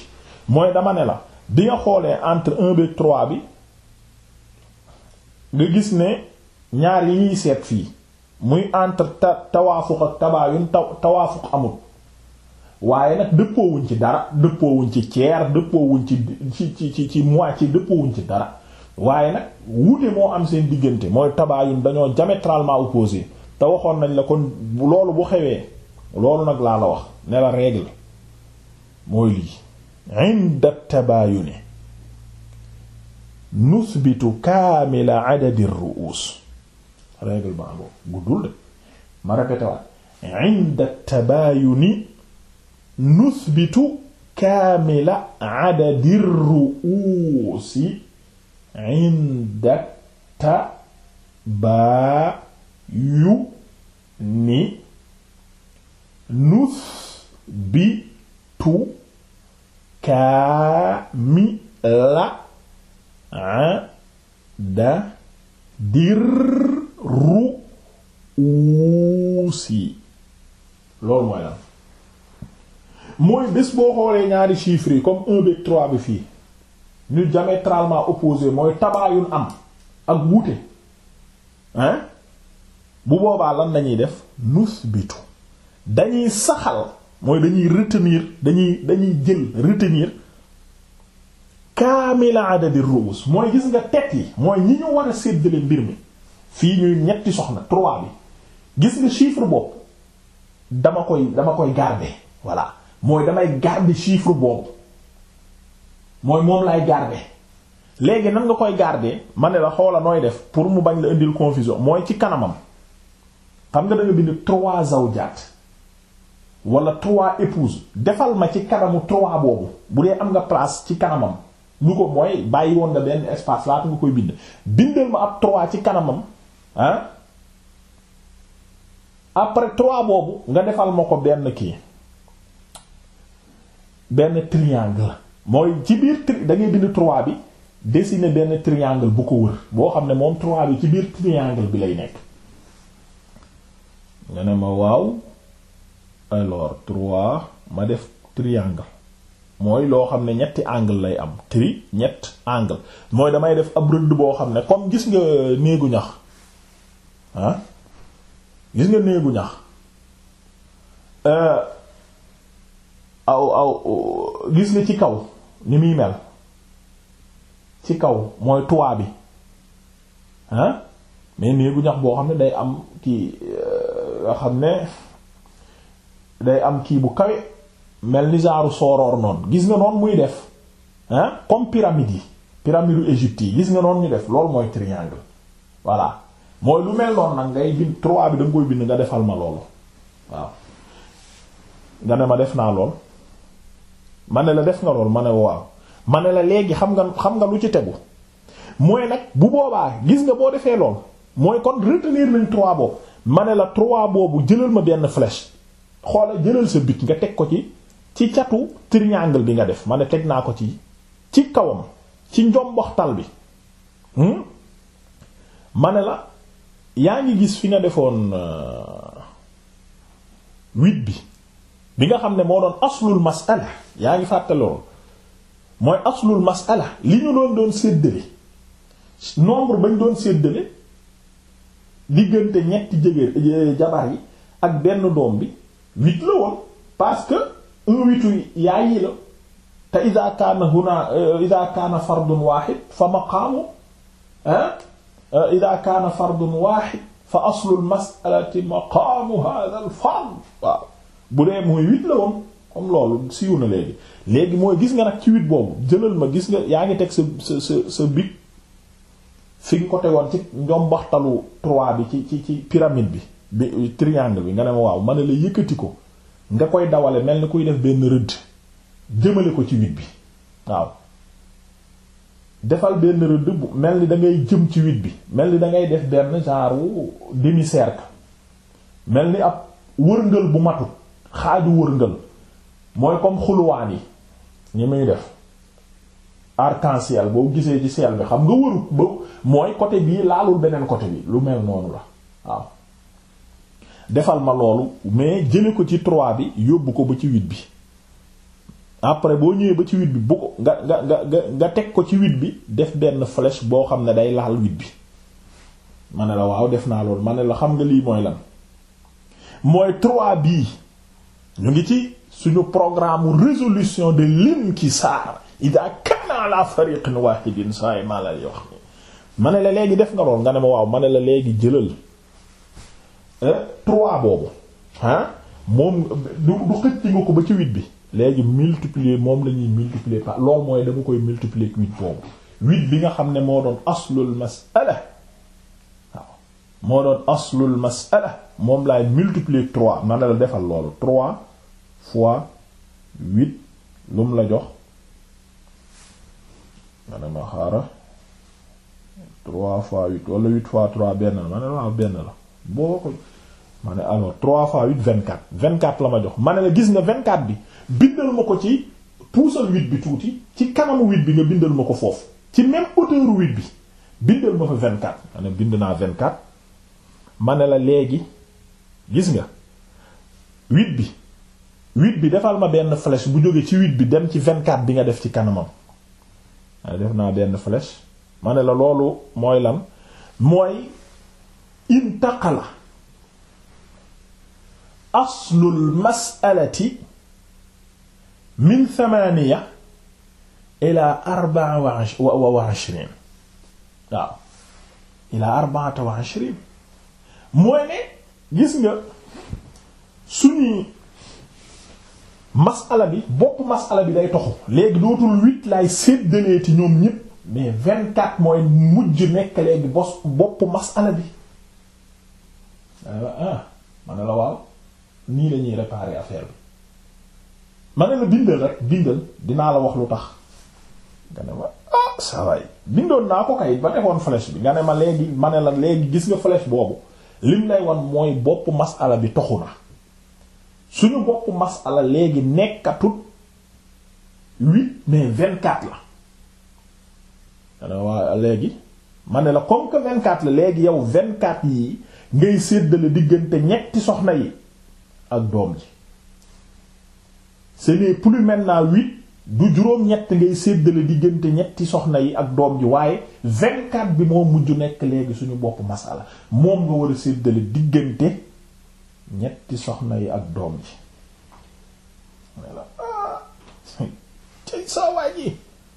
mooy dama ne la bi nga xoolee entre un ba trois bi nga gis ne ñaar yi ñuy seet fii muy entre ta tawaafuq ak tabaayun ta amul waaye nag dëppoowuñ ci dara dëppoowuñ ci tiers dëppoowuñ ci ci ci ci moitié dëppoowuñ ci dara waaye nag wuute moo am seen diggante mooy tabaayun dañoo diamétralement opposé te waxoon nañ la kon loolu bu xewee loolu nag laa la wax ne la règle mooy lii inda tabaayuni nusbitu kaamila adadi ru'us règle ba boobu guddul de ma répété tabaayuni nusbitu kaamila adadi ru'usi inda ta baa yu ni nus bi tu kaa mi la da dir ru loolu mooy lan mooy bés boo xoolee ñaari chiffres yi comme un beeg trois bi fii ñu diamétralement opposé mooy tabaayun am ak wuute hein bu boobaa lan lañuy def nusbitu dañuy saxal mooy dañuy retenir dañuy dañuy jël retenir kaamila adadi ruus mooy gis nga tet yi mooy ñi ñu war a séddale mbir mi fii ñuy ñetti soxna trois bi gis nga chiffre bopp dama koy dama koy garder voilà mooy damay garder chiffre boobu mooy moom laay garder léegi nan nga koy garder ma ne la xoola nooy def pour mu bañ la indil confusion mooy ci kanamam xam nga da nga bind trois zawjaat wala trois épouses defal ma ci kanamu trois boobu bu dee am nga place ci kanamam lu ko mooy bàyyi woon nga benn espace laata nga koy bind bindal ma ab trois ci kanamam ah après trois boobu nga defal ma ko benn kii benn triangle mooy ci biir tri da ngay bind trois bi dessiner benn triangle bu ko wër boo xam ne moom trois ci biir triangle bi lay nekk nga ne ma waaw alors trois ma def triangle mooy loo xam ne ñetti angle lay am tri ñett angle mooy damay def ab rëdd boo xam ne comme gis nga néegu ñax ah nga néegu ñax euh, aw aw gis nga ci kaw ni muy mel ci kaw mooy toit bi ah mais néegu ñax boo xam ne day am kii euh, nga ne day am kii bu kawe mel ni genre sooroor noon gis nga noonu muy def ah comme pyramide yi pyramide Égypte yi gis nga noonu ñu def loolu mooy triangle voilà mooy lu mel noonu nag ngay bind trois bi da nga koy bind nga defal ma loolu waaw nga ne ma def naa lool. ma ne la def nga lool ma ne waaw ma ne la léegi xam nga xam nga lu ci tegu mooy nag bu boobaa gis nga boo defee lool mooy kon retenir nañ trois boobu ma ne la trois boobu jëlal ma benn flèche xoolal jëlal sa bit nga teg ko ci ci catu triangle bi nga def mane teg naa ko ci ci kawam ci njomboxtal bi hmm? mane la yaa ngi gis fi nga defoon euh, huit bi bi nga xam ne moo doon aslul masala yaa ngi fàttaloon mooy aslul masala li ñu doon doon séddale nombre bañ doon séddale diggante ñetti jëgër jabar ak benn doom bi huit la woon parce que un huitu yaay te ida kaana huna euh, ida fa maqaamu ida euh, kaana fardun waaxid fa aslul masalati maqaamu hada al fard bu dee mooy huit la woon comme loolu siiw na léegi léegi mooy gis nga nag ci huit boobu jëlal ma gis nga yaa ngi teg sa sa sa sa big fi nga ko tegoon ci njombaxtalu trois bi ci ci ci pyramide bi bi triangle bi nga ne ma waaw ma la yëkkati ko nga koy dawale mel ni kuy def benn rëdd jëmale ko ci huit bi waaw defal benn rëdd bu mel ni da jëm ci huit bi mel ni dangay def benn genre demi cercle mel ni ab wërngël bu matu xaaju wërngël mooy comme xulwaan yi ni muy def arc en boo gisee ci ciel bi xam nga wëru ba mooy côté bii laalul beneen côté bi lu mel noonu la waaw defal ma loolu mais jële ko ci trois bi yóbbu ko ba ci huit bi après boo ñëwee ba ci huit nga teg ko ci huit bi def benn flèche boo xam ne day laal huit ma ne la waaw def naa loolu ma ne la xam nga lii mooy lan mooy trois bii ñu ngi ci suñu programme résolution de l'inkisaar ida kana la fariqin wahidin saa yi maa la wax ma ne la léegi def nga lool nga ne ma waaw ma ne la léegi jëlal eh, trois boobu ah moom du xëcc nga ko ba ci huit bi léegi multiplier moom la ñuy multiplier par loolu mooy dama koy multiplier ak huit boobu huit bi nga xam ne moo doon aslul masala waaw moo doon aslul masala moom laay multiplier trois ma ne la defal loolu trois fois huit lu la jox ma ne ma xaaral trois fois huit wala huit fois trois benn la ma ne waaw benn la boo ko ma ne alors trois fois huit vingt quatre vingt quatre la ma jox ma ne la gis nga vingt quatre bi bindal ma ko tuuti ci kanamu bi nga bindal ma ko foofu ci même hauteur huit bi bindal ma fa vingt quatre ma ne bind naa vingt quatre ma ne la léegi gis nga huit bi. huit bi defal ma benn flèche bu jóge ci huit bi dem ci vingt-quatre bi nga def ci kanamam waaye ah, def benn flèche ma la loolu mooy lan mooy intaqala aslul masalati min thamaniya ila arba'a wa ishrin waaw mooy ne gis nga suñuy ala bi bopp masala bi day toxu léegi dootul huit lay séddalee ci ñoom ñëpp mais vingt quatre mooy mujj nekk léegi bos bopp masala bi ah, ah ma ne la waaw nii lañuy réparer affaire bi ma ne la bindal rek bindal dinaa la wax lu tax nga ne ma ah saa bindoon naa ko kay ba nekkoon flèche bi nga ne ma léegi ma ne la léegi gis nga flèche boobu lim lay wan mooy bopp masala bi toxu na suñu bopp masala léegi nekkatut huit mais vingt-quatre la léegi ma ne la comme que vingt la léegi yow vingt-quatre yi ngay séddale diggante ñetti soxna yi ak doom ji ce n'est plus du juróom-ñett ngay séddale diggante ñetti soxna yi ak doom ji waaye vingt bi moo mujj nekk léegi suñu bopp masala moom nga war a séddale diggante ñetti soxna yi ak doom ji ne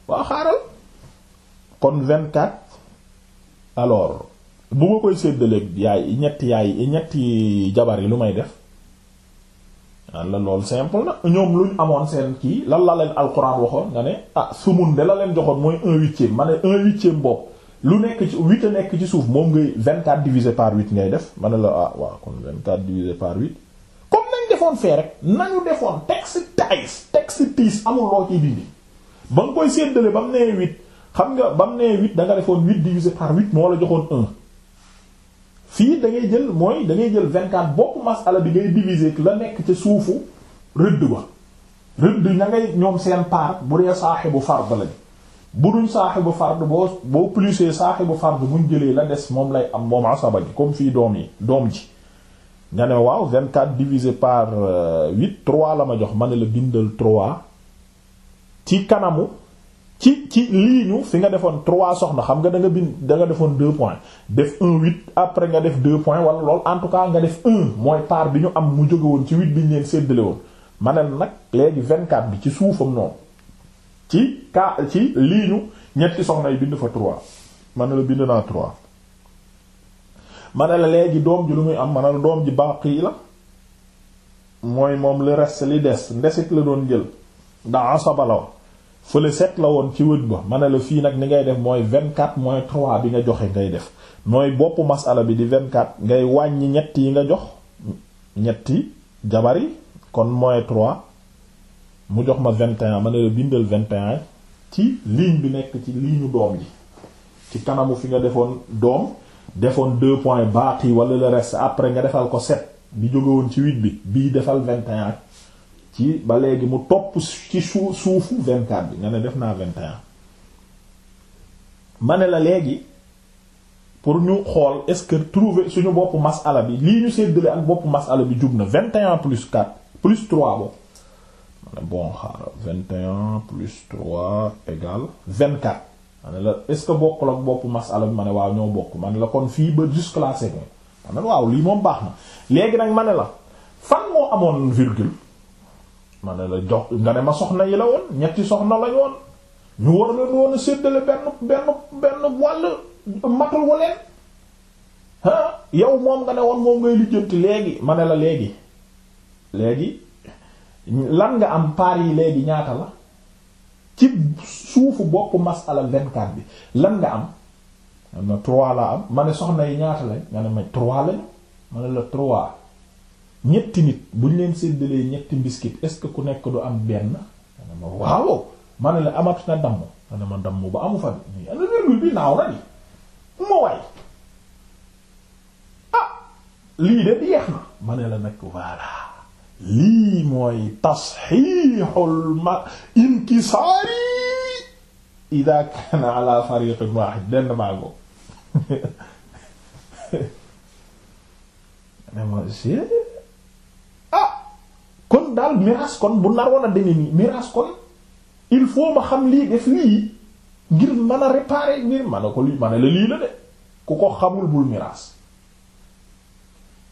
ah, xaaral kon vingt-quatre alors bu ma koy séddalee yaay ñetti yaay ñetti jabar yi lu may def la loolu simple na ñoom luñ amoon seen kii lan la leen alxuraan waxoon nga ne ah sumun de la leen joxoon mooy un huitième ma un huitième bopp lu nekk ci huit a nekk ci suuf moom ngay vingt-quatre divisé par huit ngay def ma ne la ah waaw kon vingt-quatre divisé par huit comme nañ defoon fee rek nañu defoon textiles textiles amul loo ciy dindi ba nga koy séddale ba mu nee huit xam nga ba mu nee huit da nga defoon huit divisé par huit moo la joxoon un fii da ngay jël mooy da ngay jël vingt-quatre bokk masala bi ngay diviser la nekk ci suufu rëdd ba rëdd na ngay ñoom seen part bu dee saaxibu fard lañ bu duñ saaxibu fard boo boo plusee saaxibu fard buñ jëlee la des moom lay am moom asaba ji comme fii doom yi doom ji nga ne waaw 24 divisé par 8 euh, 3 la ma jox ma ne la bindal 3 ci kanamu ci ci liiñu fi nga defoon 3 soxna xam nga da nga bind da nga defoon 2 points def 1 8 après nga def 2 points wala lool en tout cas nga def 1 mooy part bi ñu am mu jóge woon ci 8 bi ñu leen séddale woon ma ne la nag léegi 24 bi ci suufam noonu. ci ka ci lii ñetti soxna yi bind fa trois ma la bind naa trois ma ne la léegi doom ji lu muy am ma la doom ji baqi la mooy moom le reste li des ndesit la doon jël ndax asaba la woon fële set la woon ci wët ba ma ne la fii nag ni ngay def mooy vingt-quatre moins trois bi nga joxe ngay def mooy boppu masala bi di vingt-quatre ngay wàññi ñett yi nga jox ñetti jabar kon moins trois mu jox ma 21 ma ne la bindal 21 ci ligne bi nekk ci ligne doom ji ci kanamu fi nga defoon doom defoon deux points yi wala le reste après nga defal ko 7 bi jóge ci 8 bi bii defal 21 ci ba léegi mu topp ci suuf suufu 24 bi nga ne def naa 21 ma ne la léegi pour ñu xool est-ce que trouver suñu bopp ala bi lii ñu séddale ak bopp masala bi jub na 21 plus 4 plus 3 bopp bon xaaral vingt et un plus trois égale vingt-quatre ma la est-ce que bokkul ak boppu bi ma ne waaw ñoo bokk ma ne la kon fii ba jusque la seconde ma ne la waaw lii moom baax na léegi nag ma ne la fan moo amoon virgule ma ne la jox nga ne ma soxna yi la woon ñetti soxna lañ woon ñu war leen woon a séddale benn benn benn wàll matul waleen ah yow moom nga ne woon moom ngay lijjanti léegi ma ne la léegi léegi lan nga am paar yi léegi ñaata la ci suufu bopp masala 24 bi lan nga am man na 3 la am ma ne soxna yi ñaata lañ nga ne ma 3 lañ ma ne la 3 ñetti nit buñ leen séddalee ñetti mbiskit est-ce que ku nekk am benn ma ne ma waaw ma ne na damm ma ne ma damm ba amu fa bi ana virgule bi naaw na li ma waay ah lii de yeex na ma ne la nag voilà lii mooy tasxiixul ma inkisaari ida kana ala fariqin wahid benn maago *laughs* ah kon daal miraas kon bu nar woon a demee nii miraas kon il faut ma xam lii def lii ngir mën a réparer ngir mën ko lii mën la lii la de ku ko xamul bul miraas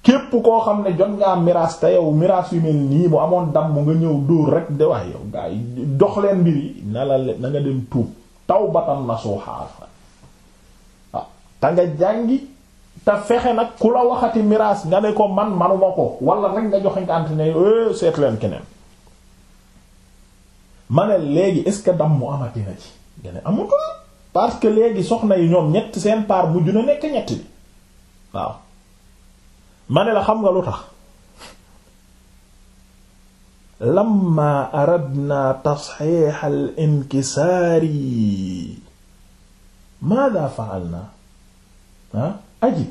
képp koo xam ne jot ngaa miraas te yow miraas yu mel nii bu amoon dam mu nga ñëw dóor rek de wax yow gaa jox leen mbir yi na la na nga dem tuub tawbatan nasuha waaw ah, te nga jàngi te fexe nag ku la waxati miraas nga ne ko man manuma ko wala rek nga joxe nga antene ne eh, seet leen keneen ma ne léegi est ce que dam mu amati na ci nga ne amu ko parce que léegi soxna yi ñoom ñett seen paar mujj na nekk ñett bi waaw. ma ne la xam nga lu tax lamma aradna tasxiix al inkisaari maada fa'alna ah ajib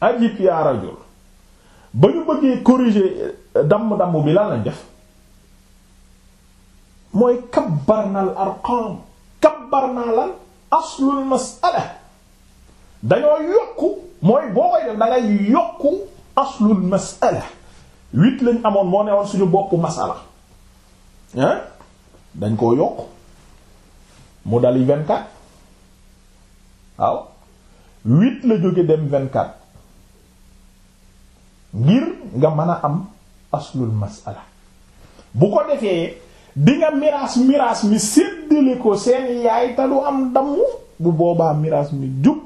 ajib yaa rajul ba ñu bëggee corriger damm-damm bi lan lañ def mooy kabbarna al arqam kabbarna lan aslul mas'ala dañoo yokku mooy boo koy def da ngay aslul masala huit lañ amoon moo ne woon suñu bokk masala hein dañ koo yokk mu dali vingt-quatre waaw huit la jóge dem vingt-quatre ngir nga mën a am aslul masala bu ko defee di nga miraas miraas mi séddale ko seen yaay te du am damm bu boobaa miraas mi jub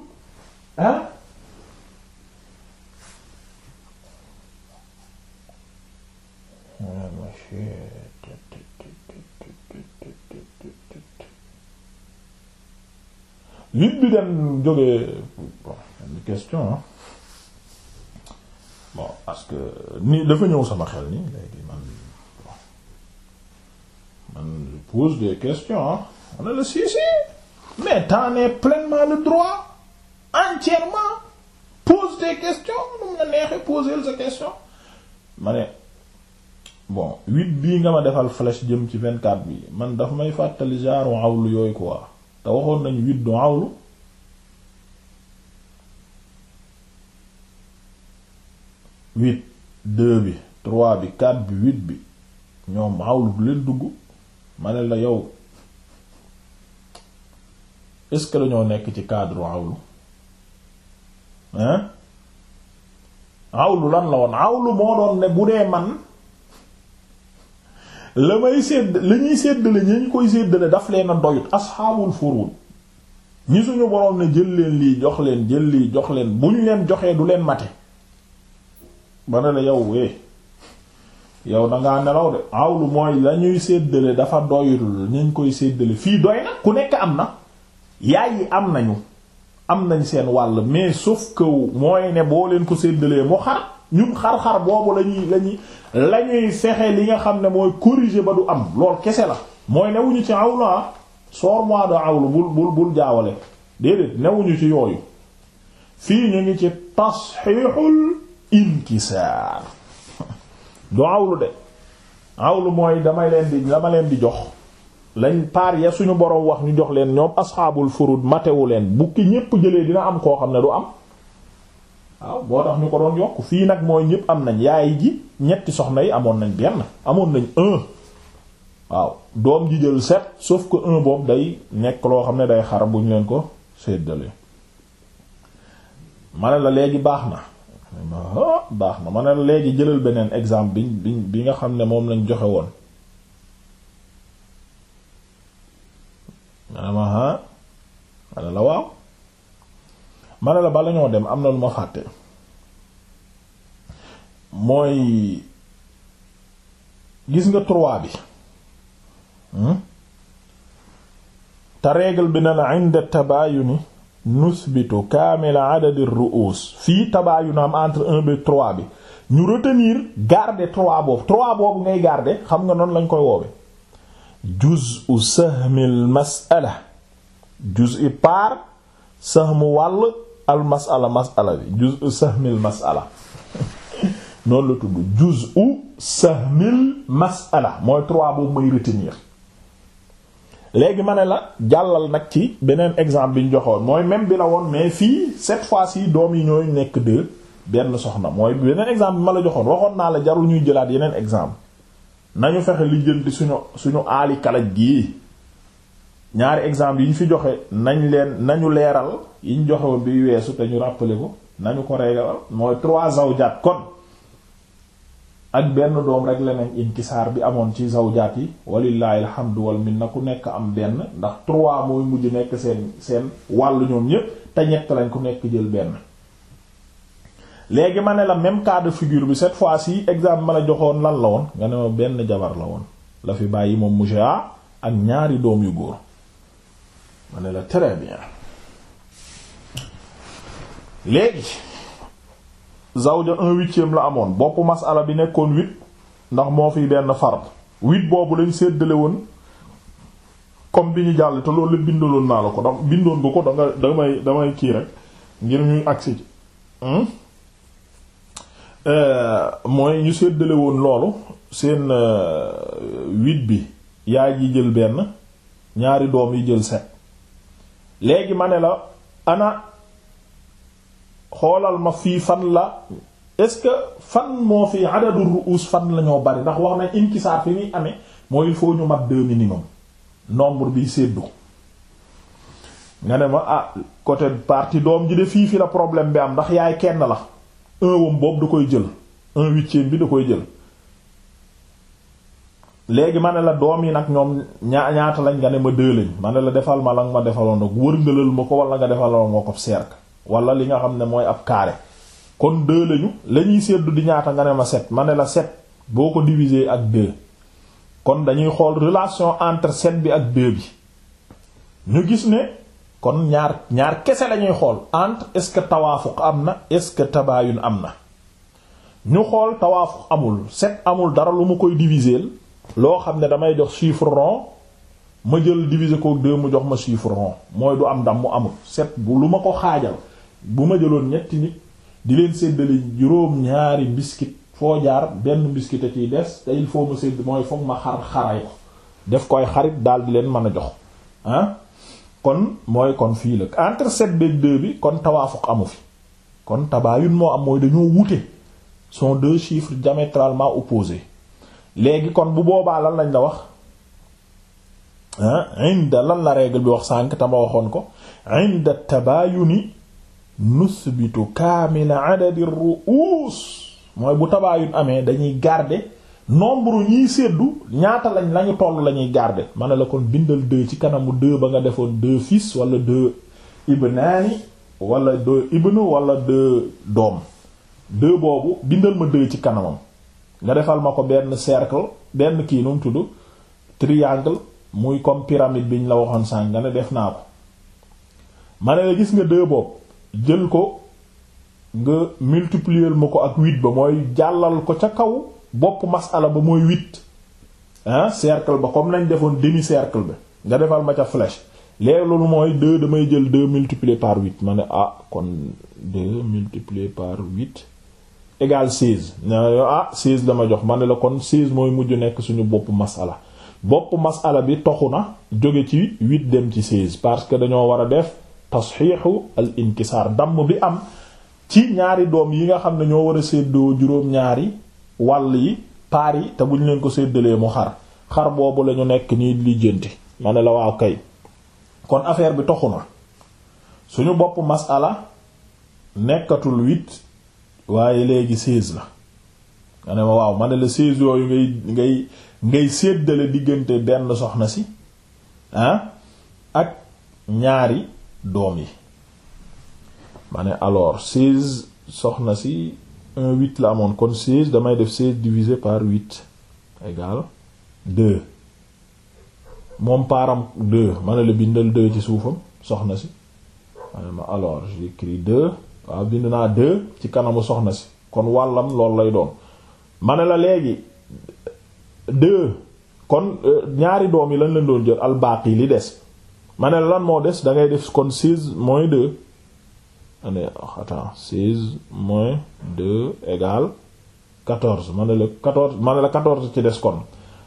Madame, monsieur. bi dem jógee question bon parce que nii dafa ñëw sama xel nii léegi man bon man pose des questions hein on a le mais t'en es pleinement le droit entièrement pose des questions nu mu la neexee poser sa question ma ne bon huit bii nga ma defal flèche jëm ci vingt-quatre bi man dafa may fàttali genre awlu yooyu quoi te waxoon nañu huit du awlu huit deux bi trois bi quatre bi huit bi ñoom awlu du leen dugg mane la yow est-ce dañoo nekk ci cadre awlu hein awlu lan la woon awlu moo doon ne bu dee man la may sédd la ñuy séddale ñi ñu koy séddale daf leen a doyut asxaabul furud ñi suñu boroom ne jël leen lii jox leen jël lii jox leen bu ñu leen joxee du leen mate ba ne la yow eh yow dangaa nelaw de awlu mooy la ñuy séddale dafa doyul ñu koy séddale fii doy na ku nekk am na yaay yi am nañu am nañ seen wàll mais suuf que mooy ne boo leen ko séddalee mu xar ñun xar-xar boobu la ñuy la ñuy la ñuy fexe li nga xam ne mooy corriger ba du am lool kese la mooy newuñu ci awlu ah soor mois de awlu bul bul bul jaawale déedéet newuñu ci yooyu fii ñu ngi ci tasxiixul inkisaar *laughs* du awlu de awlu mooy damay leen di dama leen di jox lañ paar ya suñu boroom wax ñu jox leen ñoom asxaabul furud matewu leen bukki ki ñépp jëlee dina am koo xam ne du am waaw boo tax ñu ko doon yokk fii nag mooy ñëpp am nañ yaay ji ñetti soxna yi amoon nañ benn amoon nañ un waaw doom ji jël sept soof ko un boobu day nekk loo xam ne day xar bu ñu leen ko séddale ma ne la leegi baax na ah, baax na ma la léegi jëlal beneen exemple bi bi nga xam ne moom lañ joxe woon ma ah, la waaw ma ne la bala ñoo dem am na lu ma fàtte mooy gis nga trois bi hmm? te règle bi na la inda tabaayuni nusbitu kaamila adadi ru'us fii tabaayun am entre un bi trois bi ñu retenir garder trois boobu ngay garder xam nga noonu lañ koy woowe juz'u sahmil mas'ala juz'i par sahmu wàll al masala masala bi juz'u sahmil masala *laughs* noonu la tudd juz'u sahmil masala mooy trois boobu may retenir léegi ma ne la jàllal nag ci beneen exemple bi ñu joxoon mooy même bi la woon mais fii cette fois-ci doom yi ñooy nekk deux benn soxna mooy beneen exemple bi ma la joxoon waxoon naa la jarul ñuy jëlaat yeneen exemple nañu fexe li suñu suñu aali kalaj gii ñaari exemple yi fi joxe nañ leen nañu leeral yi ñu bi weesu te ñu rappelé ko nañu ko reegal mooy trois zawjaat kon ak benn doom rek leneen inkisaar bi amoon ci zawjaat yi walillahi alhamdu mi na ku nekk am benn ndax trois mooy mujj nekk seen seen wàllu ñoom yëpp te ñett lañ ku nekk jël benn léegi ma ne la même cas de figure bi cette fois-ci exemple ma la joxoon lan la woon nga ne ma benn jabar la woon la fi bàyyi moom monsieur A ak ñaari doom yu góor ma ne la très léegi zawja la amoon boppu masala bi nekkoon huit ndax moo fi benn fard huit boobu lañ séddalewoon comme bi ñu jàll te loolu la ko da bindoon bu ko danga damay damay kii rek ngir ñuy agsi ci hmm? euh, mooy ñu séddale woon loolu seen euh, huit bi yaay ji jël benn ñaari doom yi jël sept léegi ma ne la ana xoolal ma fii fan la est-ce que fan moo fi adadu ru'us fan la bari ndax wax na inkisaar fi muy amee mooy il faut ñu mat deux minimum nombre bi séddu nga ne ma ah côté partie doom ji de fii fi la problème bi am ndax yaay kenn la un wam boobu da koy jël un bi da koy jël léegi ma ne la doom yi nag ñoom ñaa ñaata lañ nga ne ma deux lañ ne la defal ma la nga ma defaloon nag wërngalal ma ko wala nga defaloon ma ko cercle wala li nga xam ne mooy ab carré kon deux lañu la ñuy seddu ñaata nga ne ma sept ma ne la sept boo ko diviser ak deux kon dañuy xool relation entre sept bi ak deux bi ñu gis ne kon ñaar ñaar kese lañuy xool entre est-ce que tawaafuq am na est-ce que tabaayun am na ñu xool tawaafuq amul set amul dara lu mu koy diviser loo xam ne damay jox chiffre rond ma jël diviser ko deux mu jox ma chiffre rond mooy du am dam mu amul set bu lu ma ko xaajal bu ma jëloon ñetti nit di leen séddale juróom ñaari biscuit foo jaar benn biscuit a ciy des te foo faut ma sédd mooy foog ma xar xaray ko def koy xarit daal di leen mën a jox ah kon mooy kon fii la entre sept ba deux bi kon tawaafuq amu fi kon tabaayun moo am mooy dañoo wute sont deux chiffres diamétralement opposés léegi kon bu boobaa lan lañ la wax inda lan la règle bi wax sànq tama waxoon ko inda tabaayuni nusbitu kaamila adadi ru'uus mooy bu tabaayun amee dañuy garder nombre ñiy séddu ñaata lañ lañu toll la ñuy garder ma ne la kon bindal deux ci kanamu deux ba nga defoon deux fils wala deux ibnaani wala deux ibnu wala deux doom deux boobu bindal ma deux ci kanamam nga defal ma ko benn cercle benn kii nu mu tudd triangle muy comme pyramide bi ñu la waxoon sànq nga ne def naa ko ma ne la gis nga deux bopp jël ko nga multiplier ma ko ak huit ba mooy jàllal ko ca kaw bopp masala ba mooy huit ah cercle ba comme nañ defoon demi cercle ba nga defal ma ca flèche léegi loolu mooy deux damay jël deux multiplié par huit ma ne ah kon deux multiplié par huit égal 16 ah 16 dama jox ma ne la kon 16 mooy mujj nekk suñu bopp masala bopp masala bi toxu na jóge ci 8 dem ci 16 parce que dañoo war a def tasxiixu al inkisaar damm bi am ci ñaari doom yi nga xam ne ñoo war a séddoo juróom-ñaari wàll yi paar yi te buñ leen ko séddalee mu xar xar boobu la nekk nii lijjanti ma la waaw kay kon affaire bi toxu na suñu bopp masala nekkatul 8 waaye léegi seize la nga ma waaw ma ne la seize yooyu ngay ngay ngay séddale diggante benn soxna si ah, ak ñaari doom yi ma ne alors soxna si un huit la amoon kon seize damay def seize divisé par huit égal deux moom paaram deux ma ne la bindal deux ci suufam soxna si ma ma alors j'écris deux waaw bind naa deux ci kanamu soxna si kon wàllam loolu lay doon ma ne la léegi deux kon euh, ñaari doom yi lañ lañ doon jël albaaqi li des ma ne la lan moo des da ngay def kon seize moins deux ma ne oh, attends seize moins deux ma ne la quatorze ma ne la quatorze ci des kon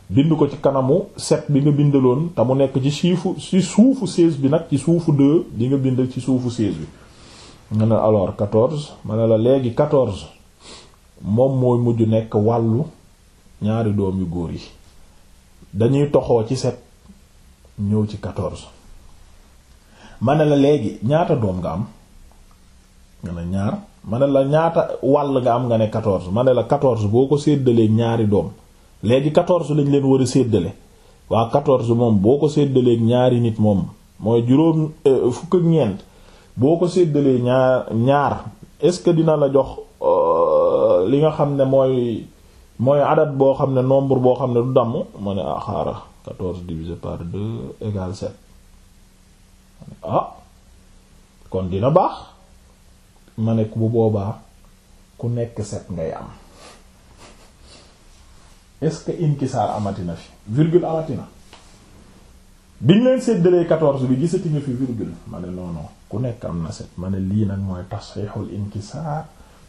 bind ko ci kanamu sept bi nga bindaloon te mu nekk ci chiffre ci suufu seize bi nag ci suufu deux di nga bind ci suufu seize bi. nga ne alors quatorze ma la léegi quatorze moom mooy mujj nekk wàllu ñaari doom yu góor yi dañuy toxoo ci set ñëw ci quatorze ma la léegi ñaata doom nga am nga ne ñaar ma ne la ñaata wàll nga am nga ne quatorze ma ne la quatorze boo ko séddalee ñaari doom léegi quatorze lañ leen war a séddale waa quatorze moom boo ko séddalee ñaari nit moom mooy juróom euh, fukk ak ñeent boo ko séddalee ñaar ñaar est-ce que dina la jox euh, li nga xam ne mooy mooy adat boo xam ne nombre boo xam ne du damm ma ne ah xaaral 14 divisé par 2 égale set ah kon dina baax ma ne bu boobaa ku nekk 7 ngay am est-ce que inkisaar amatina fi virgule amatina biñ leen séddalee 14 bi gisati nga fi virgule ma ne noonu ku nekk am na set ma lii nag mooy tasxiixul inkisaar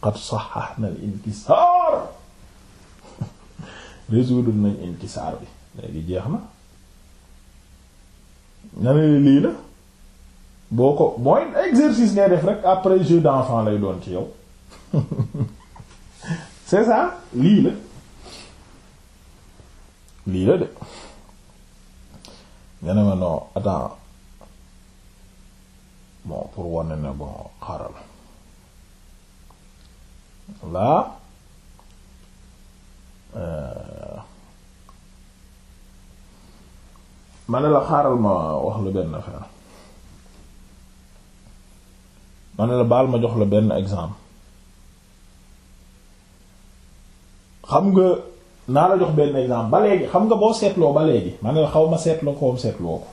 qad saxaxna al inkisaar *laughs* résoudre nañ inkisaar bi léegi jeex na na lii la boo ko mooy exercice ngay def rek après jeu d'enfant lay doon ci yow *laughs* c'est ça lii la lii la de nga ne bon pour wane ne bon xaral là euh, ma ne la xaaral ma wax la benn affaire ma la baal ma jox la benn exemple xam nga naa la jox benn exemple ba léegi xam nga boo seetloo ba léegi ma la xaw ma seetloo ko seetloo ko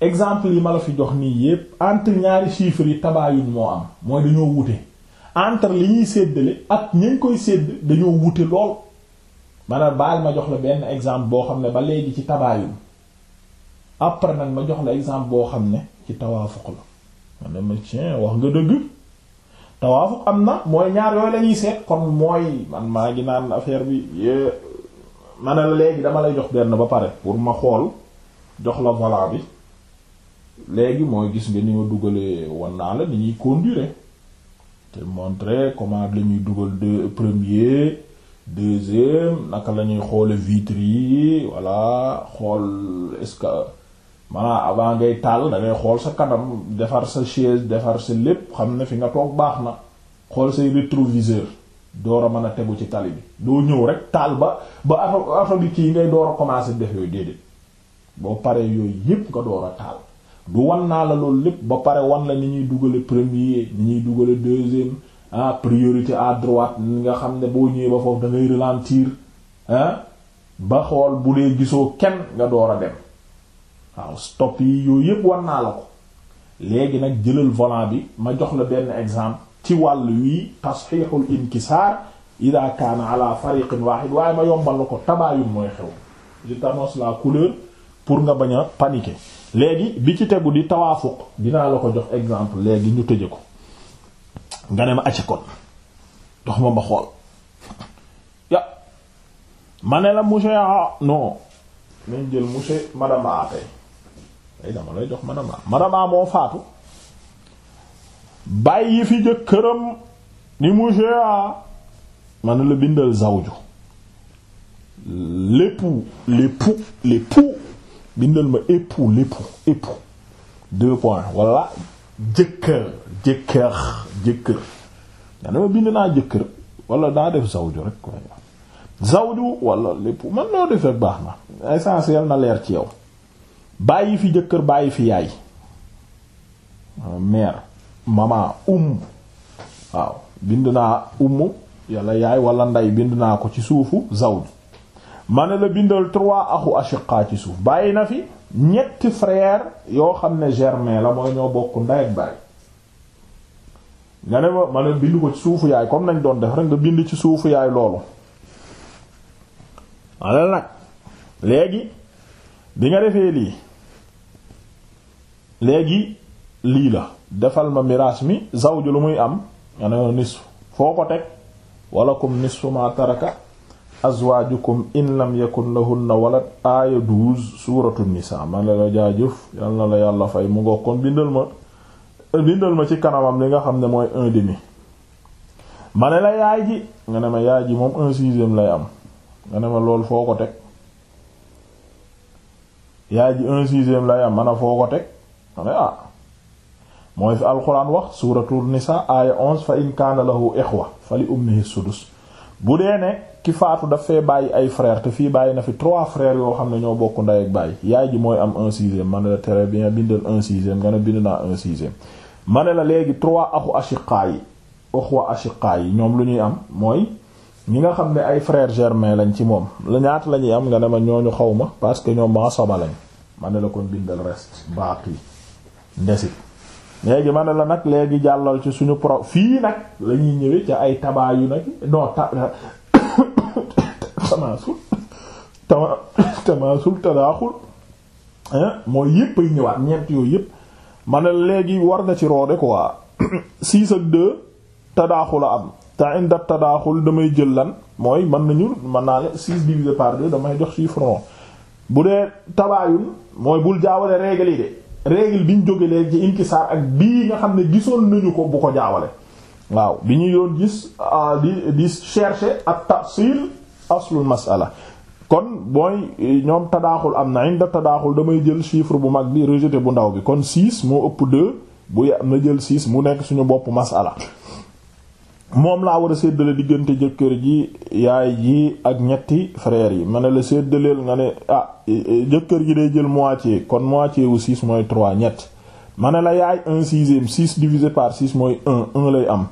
exemple yi ma la fi jox nii yépp entre ñaari chiffres yi tabaayun moo am mooy dañoo wute entre li ñuy séddale ak ñañ koy sédd dañoo wute lool maanaam baal ma jox la benn exemple boo xam ne ba léegi ci tabaayun après nag ma jox la exemple boo xam ne ci tawaafuq la ma ne ma tiens wax nga dëgg tawaafuq am na mooy ñaar yooyu lañuy seet kon mooy man maa ngi naan affaire bi ma ne la léegi dama lay jox benn ba pare pour ma xool jox la voilà bi léegi mooy gis nga ni ma dugalee wan naa la ni ñuy conduire te montrer comment la ñuy dugal de premier deuxième naka la ñuy xoole vitres yi voilà xool est-ce que maanaam avant ngay taal da ngay xool sa kanam defar sa chaise defar sa lépp xam ne fi nga toog baax na xool say rétroviseur door a mën a tegu ci tali bi doo ñëw rek taal ba ba auto auto bi kii ngay door a commencer def yooyu déedéet boo paree yooyu yépp nga door taal du wan naa la loolu lépp ba pare wan la ni ñuy dugale premier ni ñuy dugale deuxième ah priorité à droite ni nga xam ne boo ñëwee ba foofu da ngay ralentir ah ba xool bu dee gisoo kenn nga door a dem waaw stop yi yooyu yépp wan naa la ko léegi nag jëlal volant bi ma jox la benn exemple ci wàll wii tasxiixul inkisaar ida kaana ala fariqin wahid waaye ma yombal la ko tabaayun mooy xew je t'annonce la couleur pour nga bañ a paniquer léegi bi ci tegu di tawaafuq dinaa la ko jox exemple léegi ñu tëje ko nga ne ma acca kon dox ma ma xool ya ma ne la monsieur a non nañ jël monsieur madame a tey ay dama lay jox madame a moo faatu bàyyi fi jëkkëram ni monsieur a ma ne la bindal zawju l'époux l'époux l'époux bindal ma époux l'époux époux deux points wala jëkkër jëkkër jëkkër nga dama bind naa jëkkër wala daa def zawju rek ko zawju wala l'époux man loo def rek baax na essentiel na leer ci yow bàyyi fi jëkkër bàyyi fi yaay euh, mère maman umm waaw bind naa umm yàlla yaay wala ndey bind naa ko ci suufu zawju ma ne la bindal trois axu ashiqa ci suuf bàyyi na fi ñetti frère yoo xam ne germain la mooy ñoo bokk ndey ak baay nga ne ma ma ne bind ko ci suufu yaay comme nañ doon def rek bind ci suufu yaay loolu walla nag léegi bi nga defee lii léegi lii la defal ma miraas mi zawju lu muy am nga ne ma nisfu foo ko teg wala kum nisfu ma taraka azwaajukum in lam yakun lahunna walad aaya 12 suuratu nisaa ma la la jaajëf yal na la yàlla fay mu ngoo kon bindal ma bindal ma ci kanamam li nga xam ne mooy un demi ma ne la yaay ji nga ne ma yaay ji moom un sixième lay am nga ne ma lool foo ko teg yaay ji un sixième lay am man a foo ko teg ma ne ah mooy fi alxuraan wax suuratu nisaa aaya 11 fa in kaana lahu ixwa fa li ummihi sudus bu dee ne ki faatu daf fee bàyyi ay frère te fii bàyyi na fi trois frères yoo xam ne ñoo bokk ndey ak bàyyi yaay ji mooy am un sixième ma ne la très bien bindal un sixième nga ne bind naa un sixième ma la léegi trois axu ashiqa yi yi ñoom lu ñuy am mooy ñi nga xam ne ay frères germains lañ ci moom la ñaata la ñuy am nga ne ma ñooñu xaw ma parce que ñoom maa soba lañ ma ne la kon bindal reste baaqi ndesit léegi ma ne la nag léegi jàllal ci suñu pro fii nag la ñuy ñëwee ci ay tabaayu nag non ta tamaasul tama tamaasul tadaaxul eh, mooy yëpp ay ñëwaat ñeent yooyu yëpp ma léegi war na ci roode quoi *coughs* six ak deux tadaaxul a am te inda tadaaxul damay jël lan mooy mën nañu mën naa ne six divisé par deux damay jox chiffre rond bu dee tabaayun mooy bul jaawale règle yi de règle bi ñu jóge léegi ci inkisaar ak bii nga xam ne gisoon nañu ko bu ko jaawale waaw bi ñu yoon gis ah, di di chercher ak tafsil aslul masala kon mooy eh, ñoom tadaaxul am na inda tadaaxul damay jël chiffre bu mag bi rejeté bu ndaw bi kon 6 moo ëpp 2 bu am na jël 6 mu nekk suñu bopp masala moom laa war a séddale diggante jëkkër ji yaay ji ak ñetti frère yi ma ne la séddaleel nga ne ah eh, eh, jëkkër ji day jël moitié kon moitié wu 6 mooy 3 ñett ma ne la yaay 1 sixième 6 divisé par 6 mooy 1 1 lay am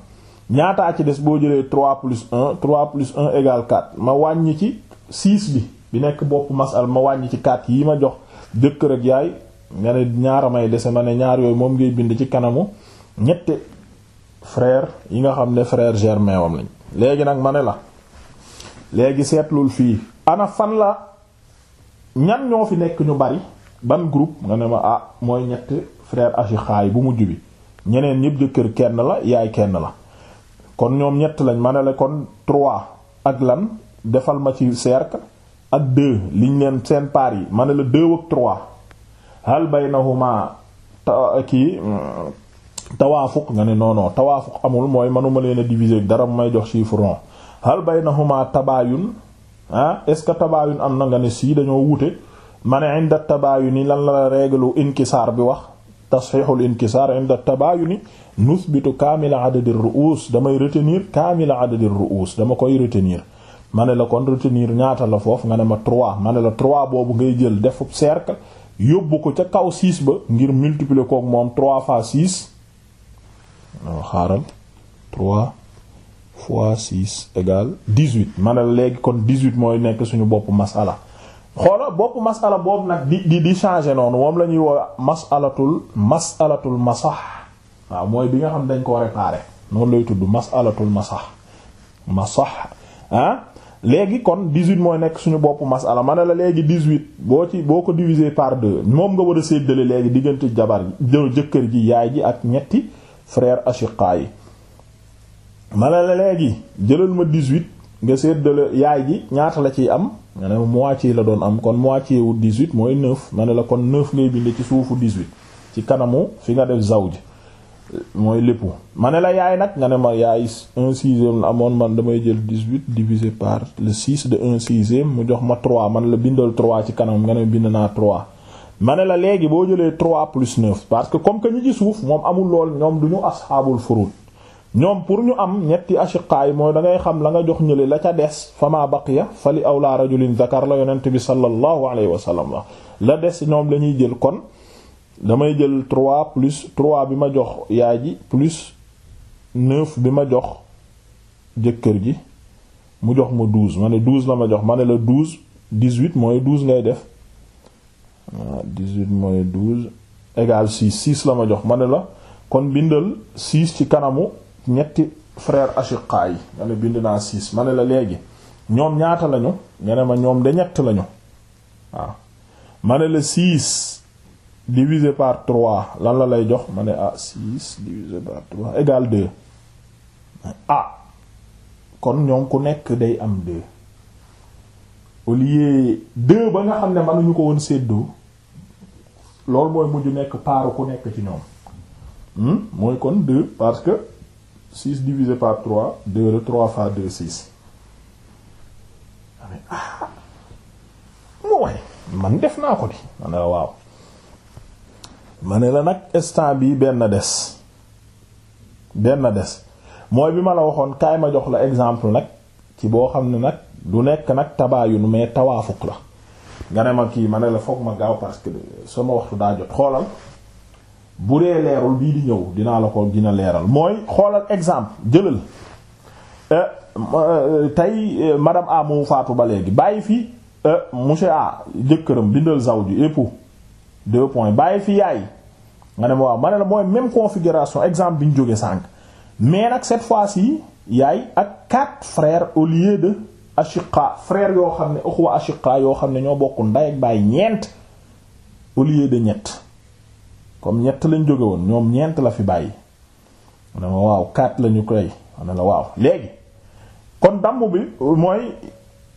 ñaataa ci des boo jëlee 3 plus un trois plus un égale 4 ma wàññi ci 6 bi bi nekk bopp masal ma wàññi ci 4 yi ma jox jëkkër ak yaay nga ne ñaara dese ma ne ñaar yooyu moom ngay bind ci kanamu ñette frère yi nga xam ne frère germain wam lañ léegi nag ma ne la léegi seetlul fii ana fan la ñan ñoo fi nekk ñu bari ban group nga ne ma ah mooy ñett frère achi xaay bu mujj bi ñeneen ñëpp jëkkër kenn la yaay kenn la kon ñoom ñett lañ ma ne la kon trois ak lan defal ma ci cercle ak deux liñ leen seen paar yi ma ne la deux ak trois hal baynahuma ta kii tawaafuq nga ne non non tawaafuq amul mooy manuma leen diviser dara may jox chiffre rond hal baynahuma tabaayun ah est ce que tabaayun am na nga ne sii dañoo wute ma ne inda tabaayun yi lan la la règle inkisaar bi wax tasxiixul inkisaar inda tabaayuni nuthbitu kaamila adadi ru'uus damay retenir kaamila adadi ru'uus dama koy retenir ma ne la kon retenir ñaata la foofu nga ne ma 3 ma ne la trois boobu ngay jël def cercle yóbbu ko ca kaw 6 ba ngir multiplier kook moom trois fois 6 non xaaral 3 fois 6 égale 18 ma ne la léegi kon 18 mooy nekk suñu bopp masala xoola bopp masala boobu nag di di di changer noonu moom la ñuy woowe masalatul ma sax waaw mooy bi nga xam dañ ko réparer noonu lay tudd masalatul masax masax ah léegi kon 18 mooy nekk suñu bopp masala ma la léegi 18 boo ci boo ko diviser par deux moom nga war a séddale léegi diggante jabar ji jëkkër ji yaay ji ak ñetti frère ashiqa yi ma la léegi jëlal ma 18 nga séddale yaay ji ñaata la ciy am nga ne moitié la doon am kon moitié wu 18 mooy 9 ma ne la kon 9 ngay binde ci suufu 18 ci kanamu fi nga def zawj mooy lépp ma ne la yaay nag nga ne ma yaay un sixième la amoon man damay jël 18 divisé par le 6 de un sixième mu jox ma 3 man la bindal 3 ci kanam nga ne bind naa 3 ma ne la léegi boo jëlee 3 plus 9 parce que comme que ñi ci suuf moom amul lool ñoom du ñu asxaabul furud ñoom pour ñu am ñetti ashiqaay mooy dangay xam la nga jox ñële la ca des fama baqiya fa li awla rajulin zakar la yonent bi sallallahu alayhi wa sallam la la des ñoom la ñuy jël kon damay jël 3 plus 3 bi ma jox yaay ji plus 9 bi ma jox jëkkër ji mu jox ma 12 ma ne 12 la ma jox ma ne la 12 18 mooy 12 ngay def waaw ah, 18 mooy 12 égal 6 6 la ma jox ma ne la kon bindal 6 ci kanamu ñetti frère ashiqa yi nga ne bind naa six ma ne la léegi ñoom ñaata lañu nga ne ma ñoom de ñett lañu waaw ma ne la six divisé par trois lan la lay jox ma ne ah six divisé par trois égale deux ah kon ñoom ku nekk day am deux au deux ba nga xam ne mënuñu ko woon séddoo loolu mooy mujj nekk paaru ku nekk ci ñoom hmm? mooy kon deux parce que 6 divisé par 3 2 la 3 fois ah, mu ah. waay man def naa ko di ma la ah, waaw ma ne la nag instant bii benn des benn des mooy bi ma la waxoon kaay ma jox la exemple nag ci boo xam ne nag du nekk nag tabaayun mais tawaafuq la nga ne ma kii ma ne la foog ma gaaw parce que sama waxtu daa jot xoolal bu dee leerul bii di ñëw dinaa la ko dina leeral mooy xoolal exemple jëlal euh, euh, tey euh, madame A moo faatu ba léegi bàyyi fi monsieur A jëkkëram bindal zawju époux deux points bàyyi fi yaay nga ne ma waaw ma ne la mooy même configuration exemple bi ñu jógee sànq mais nag cette fois-ci yaay ak quatre frères au lieu de ashiqa frères yoo xam ne uxwa ashiqa yoo xam ne ñoo bokku ndey ak baay ñeent au de ñett. comme ñett lañ jóge woon ñoom ñeent la fi bàyyi mu ne ma waaw quatre lañu koy ma ne la waaw léegi kon damm bi mooy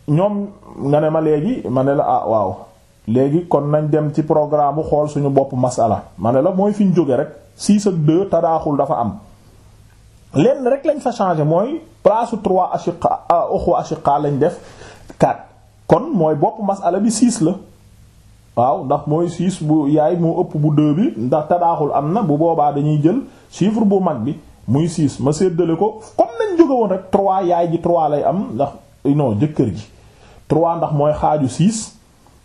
ñoom nga ne ma léegi ma ne la ah waaw léegi kon nañ dem ci programme xool suñu bopp masala ma ne la mooy fi ñu jóge rek six ak deux tadaaxul dafa am lenn rek lañ fa changé mooy place trois ashiqa ah, ukhwa ashiqa lañ def quatre kon mooy bopp masala bi six la waaw ndax mooy six bu yaay moo ëpp bu deux bi ndax tadaaxul am na bu boobaa dañuy jël chiffre bu mag bi muy six ma séddale ko comme nañ jóge woon rek trois yaay ji trois lay am ndax non jëkkër ji trois ndax mooy xaaju six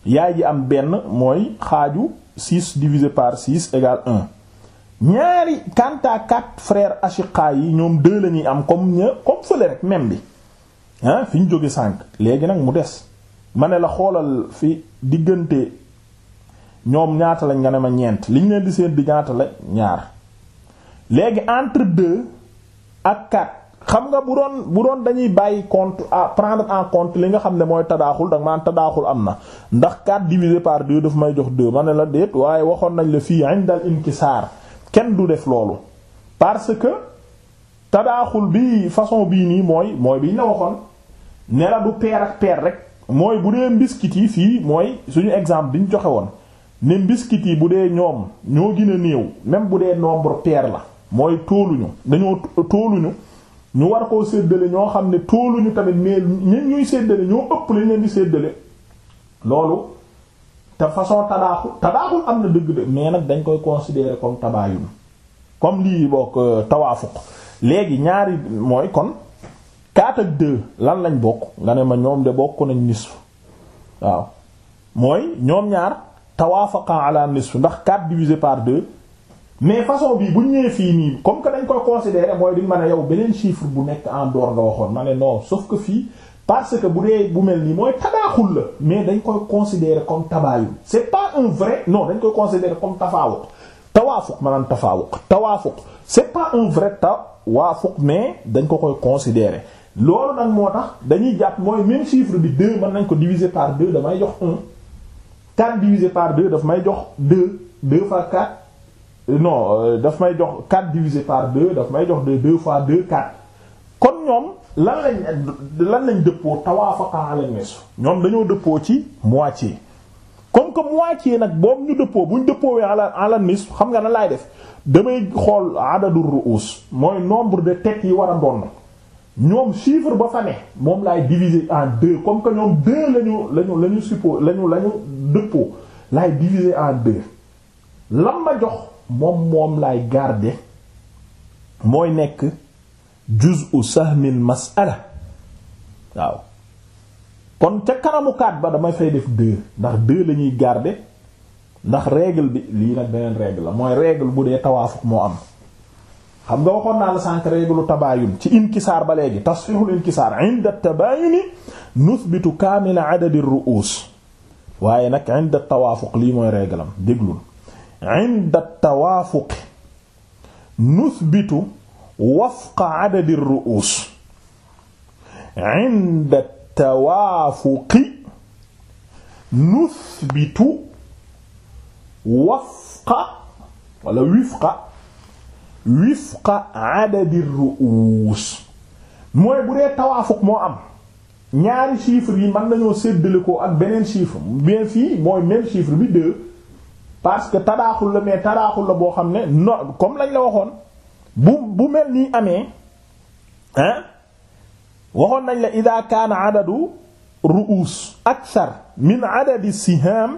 yaay ji am benn mooy xaaju six divisé par six égale un ñaari kanta quatre frères ashiqa yi ñoom dë lañuy am comme ña comme fële rek même bi ah fi ñu jóge cinq léegi nag mu des ma ne la xoolal fi diggante ñoom ñaata lañ nga ne ma ñeent liñ leen di seen bi ñaata la ñaar léegi entre deux ak quatre xam nga bu doon bu doon dañuy bàyyi compte à prendre en compte li nga xam ne mooy tadaaxul da nga maan tadaaxul am na ndax 4 divisé par 2 daf may jox 2 ma ne la déet waaye waxoon nañ la fii indal inkisaar kenn du def loolu parce que tadaaxul bi façon bii nii mooy mooy biñ la waxoon ne la du paire ak paire rek mooy bu dee mbiskit yi fii mooy suñu exemple bi ñu joxe woon ne mbiskit yi bu dee ñoom ñoo gën a néew même bu dee nombre pair la mooy tóoluñu dañoo tóoluñu ñu war koo séddale ñoo xam ne tóoluñu tamit mais ñun ñuy séddale ñoo ëpp lañ leen di séddale loolu te façon tadaaxul tadaaxul am na dëgg de mais nag dañ koy considérer comme tabaayun comme lii bokk euh, tawaafu léegi ñaari mooy kon 4 ak lan lañ bokk nga ne ma ñoom de bokk nañ nisf waaw mooy ñoom ñaar. tawaafaqa ala nisf ndax 4 divisé par 2 mais façon bi bu ñu ñëwee fii nii comme que dañ koy considérer mooy diñ ma a yow beneen chiffre bu nekk en dehors nga waxoon ma ne non sauf que fii parce que bu dee bu mel nii mooy tadaaxul la mais dañ koy considérer comme tabaayun c'est pas un vrai non dañ koy considérer comme tafaawuq tawaafuq maanaam tafaawuq tawaafuq c'est pas un vrai tawaafuq mais dañ ko koy considérer loolu nag moo tax dañuy jàpp moo même chiffre bi 2 mën nañ ko diviser par 2 damay jox 1 4 divisé par 2 dafa may jox 2 2 fois 4 non dafa may jox 4 divisé par 2 daf may jox 2 2 fois 2 4 euh, euh, kon ñoom lan lañ lan lañ dëppoo tawaafaqa ala nisf ñoom dañoo dëppoo ci moitié comme que moitié nag boobu ñu dëppoo bu ñu dëppoowee ala ala xam nga na laay def damay xool adadu ru'us mooy nombre de têtes yi war a doon ñoom chiffre ba fa ne moom lay diviser en deux comme que ñoom deux lañu lañu lañu suppos lañu lañu dëppoo laay diviser en deux lan ma jox moom moom laay garder mooy nekk juz'u sahmil mas'ala waaw kon ca kanamukaat ba damay fay def deux ndax deux la ñuy garder ndax règle bi lii nag beneen règle la mooy règle bu dee tawaafuk moo am xam nga waxoon naa la sànq réglu tabaayun ci inkisaar ba léegi tasxiixul inkisaar inda tabaayuni nuthbitu kaamila adadi ru'uus waaye nag inda tawaafuq lii mooy réglam déglul inda tawaafuq nuthbitu wafqa adadi ru'uus inda tawaafuqi nuthbitu wafqa wala wifqa wifqa adadi ru'uus mooy bu dee tawaafuq moo am ñaari chiffre yi man nañoo séddale ko ak beneen chiffre bien fii mooy même chiffre bi deux parce que tadaaxul la mais tadaaxul la boo xam ne no comme lañ la waxoon bu bu mel nii amee hein waxoon nañ la ida kaana adadu ru'uus akthar min adadi siham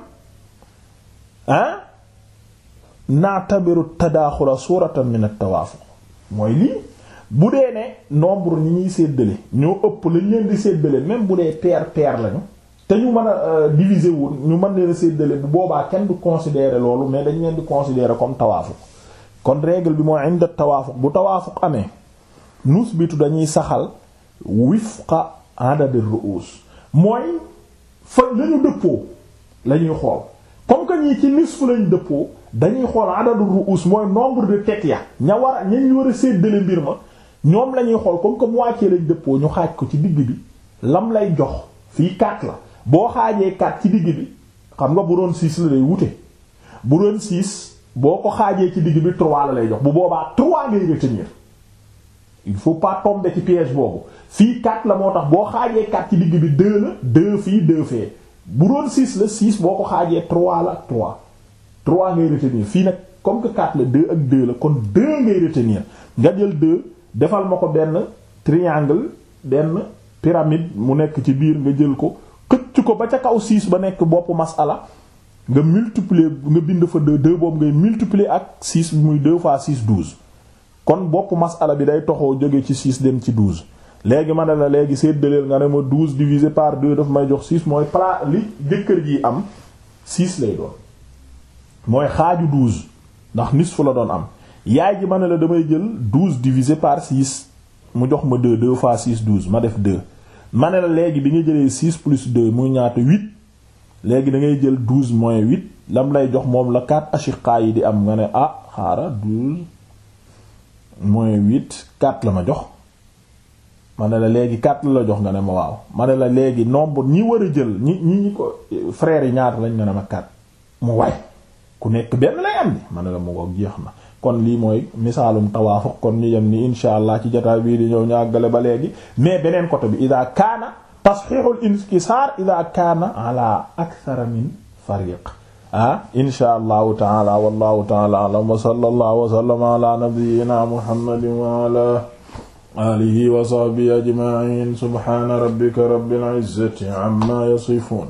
hein naatabiru tadaaxula suuratan min at-tawaafuq mooy lii bu dee ne nombre ñi ñuy séddale ñoo ëpp lañ leen di séddale même bu dee paire paire lañu te ñu mën a euh, diviser wu ñu mën leen a séddale boobaa kenn du considérer loolu mais dañu leen di considérer comme tawaafuq kon règle bi moo inda tawaafuq bu tawaafuq amee nusbitu dañuy saxal wifqa adadir ru'us mooy fa lañu dëppoo lañuy xool comme que ñii ci nisfu lañ dëppoo dañuy xool adadu ruus mooy nombre de têtes ya ña war a ñañ war a séddale mbir ma ñoom la ñuy xool ko que moitié lañ dëppoo ñu xaaj ko ci digg bi lam lay jox fii 4 la boo xaajee 4 ci digg bi xam nga bu doon la lay wute bu doon 6 boo ko xaajee ci digg bi lay jox bu boobaa 3 ngay retenir il faut pas tomber fii 4 la moo tax boo xaajee 4 ci digg bi 2 la 2 fee bu doon 6 la 6 boo ko xaajee 3 la 3. trois ngay retenir fii nag comme que quatre la deux ak deux la kon deux ngay retenir nga jël deux defal ma ko benn triangle benn pyramide mu nekk ci biir nga jël ko xëcc ko ba ca kaw six ba nekk bopp masala nga multiplier nga bind fa deux deux boobu ngay multiplier ak six muy deux fois six douze kon bopp masala bi day toxoo jóge ci six dem ci douze léegi ma ne la léegi séddaleel nga ne ma douze divisé par deux daf may jox six mooy plat li jëkkër ji am six lay doon mooy xaaju douze ndax nisfu la doon am yaay ji ma ne la damay jël douze divisé par six mu jox ma deux deux fois six douze ma def deux ma ne la léegi bi nga jëlee six plus deux muy ñaata huit léegi da ngay jël douze moins huit lam lay jox moom la quatre ashiqa yi di am nga ne ah xaara douze moins la ma jox ma ne la léegi quatre la la jox nga ne ma waaw ma ne la léegi nombre ñi war a jël ñi ñi ko frères yi ñaata lañ nga ne ma quatre mu waay ku nekk benn lay am ni la mu ngoog jeex na kon lii mooy misaalum tawaafuq kon ñu yem ni insha allah ci jotaay bii di ñëw ñu àggale ba léegi mais beneen côté bi ida kaana tasxiixul inkisaar ida kaana ala akthara min fariq ah insha allahu taala wallahu taala alam wa sallallahu wa sallama ala nabiyyina muhammadin wa wa sahbihi ajma'in subhana rabbika rabbil izzati amma yasifun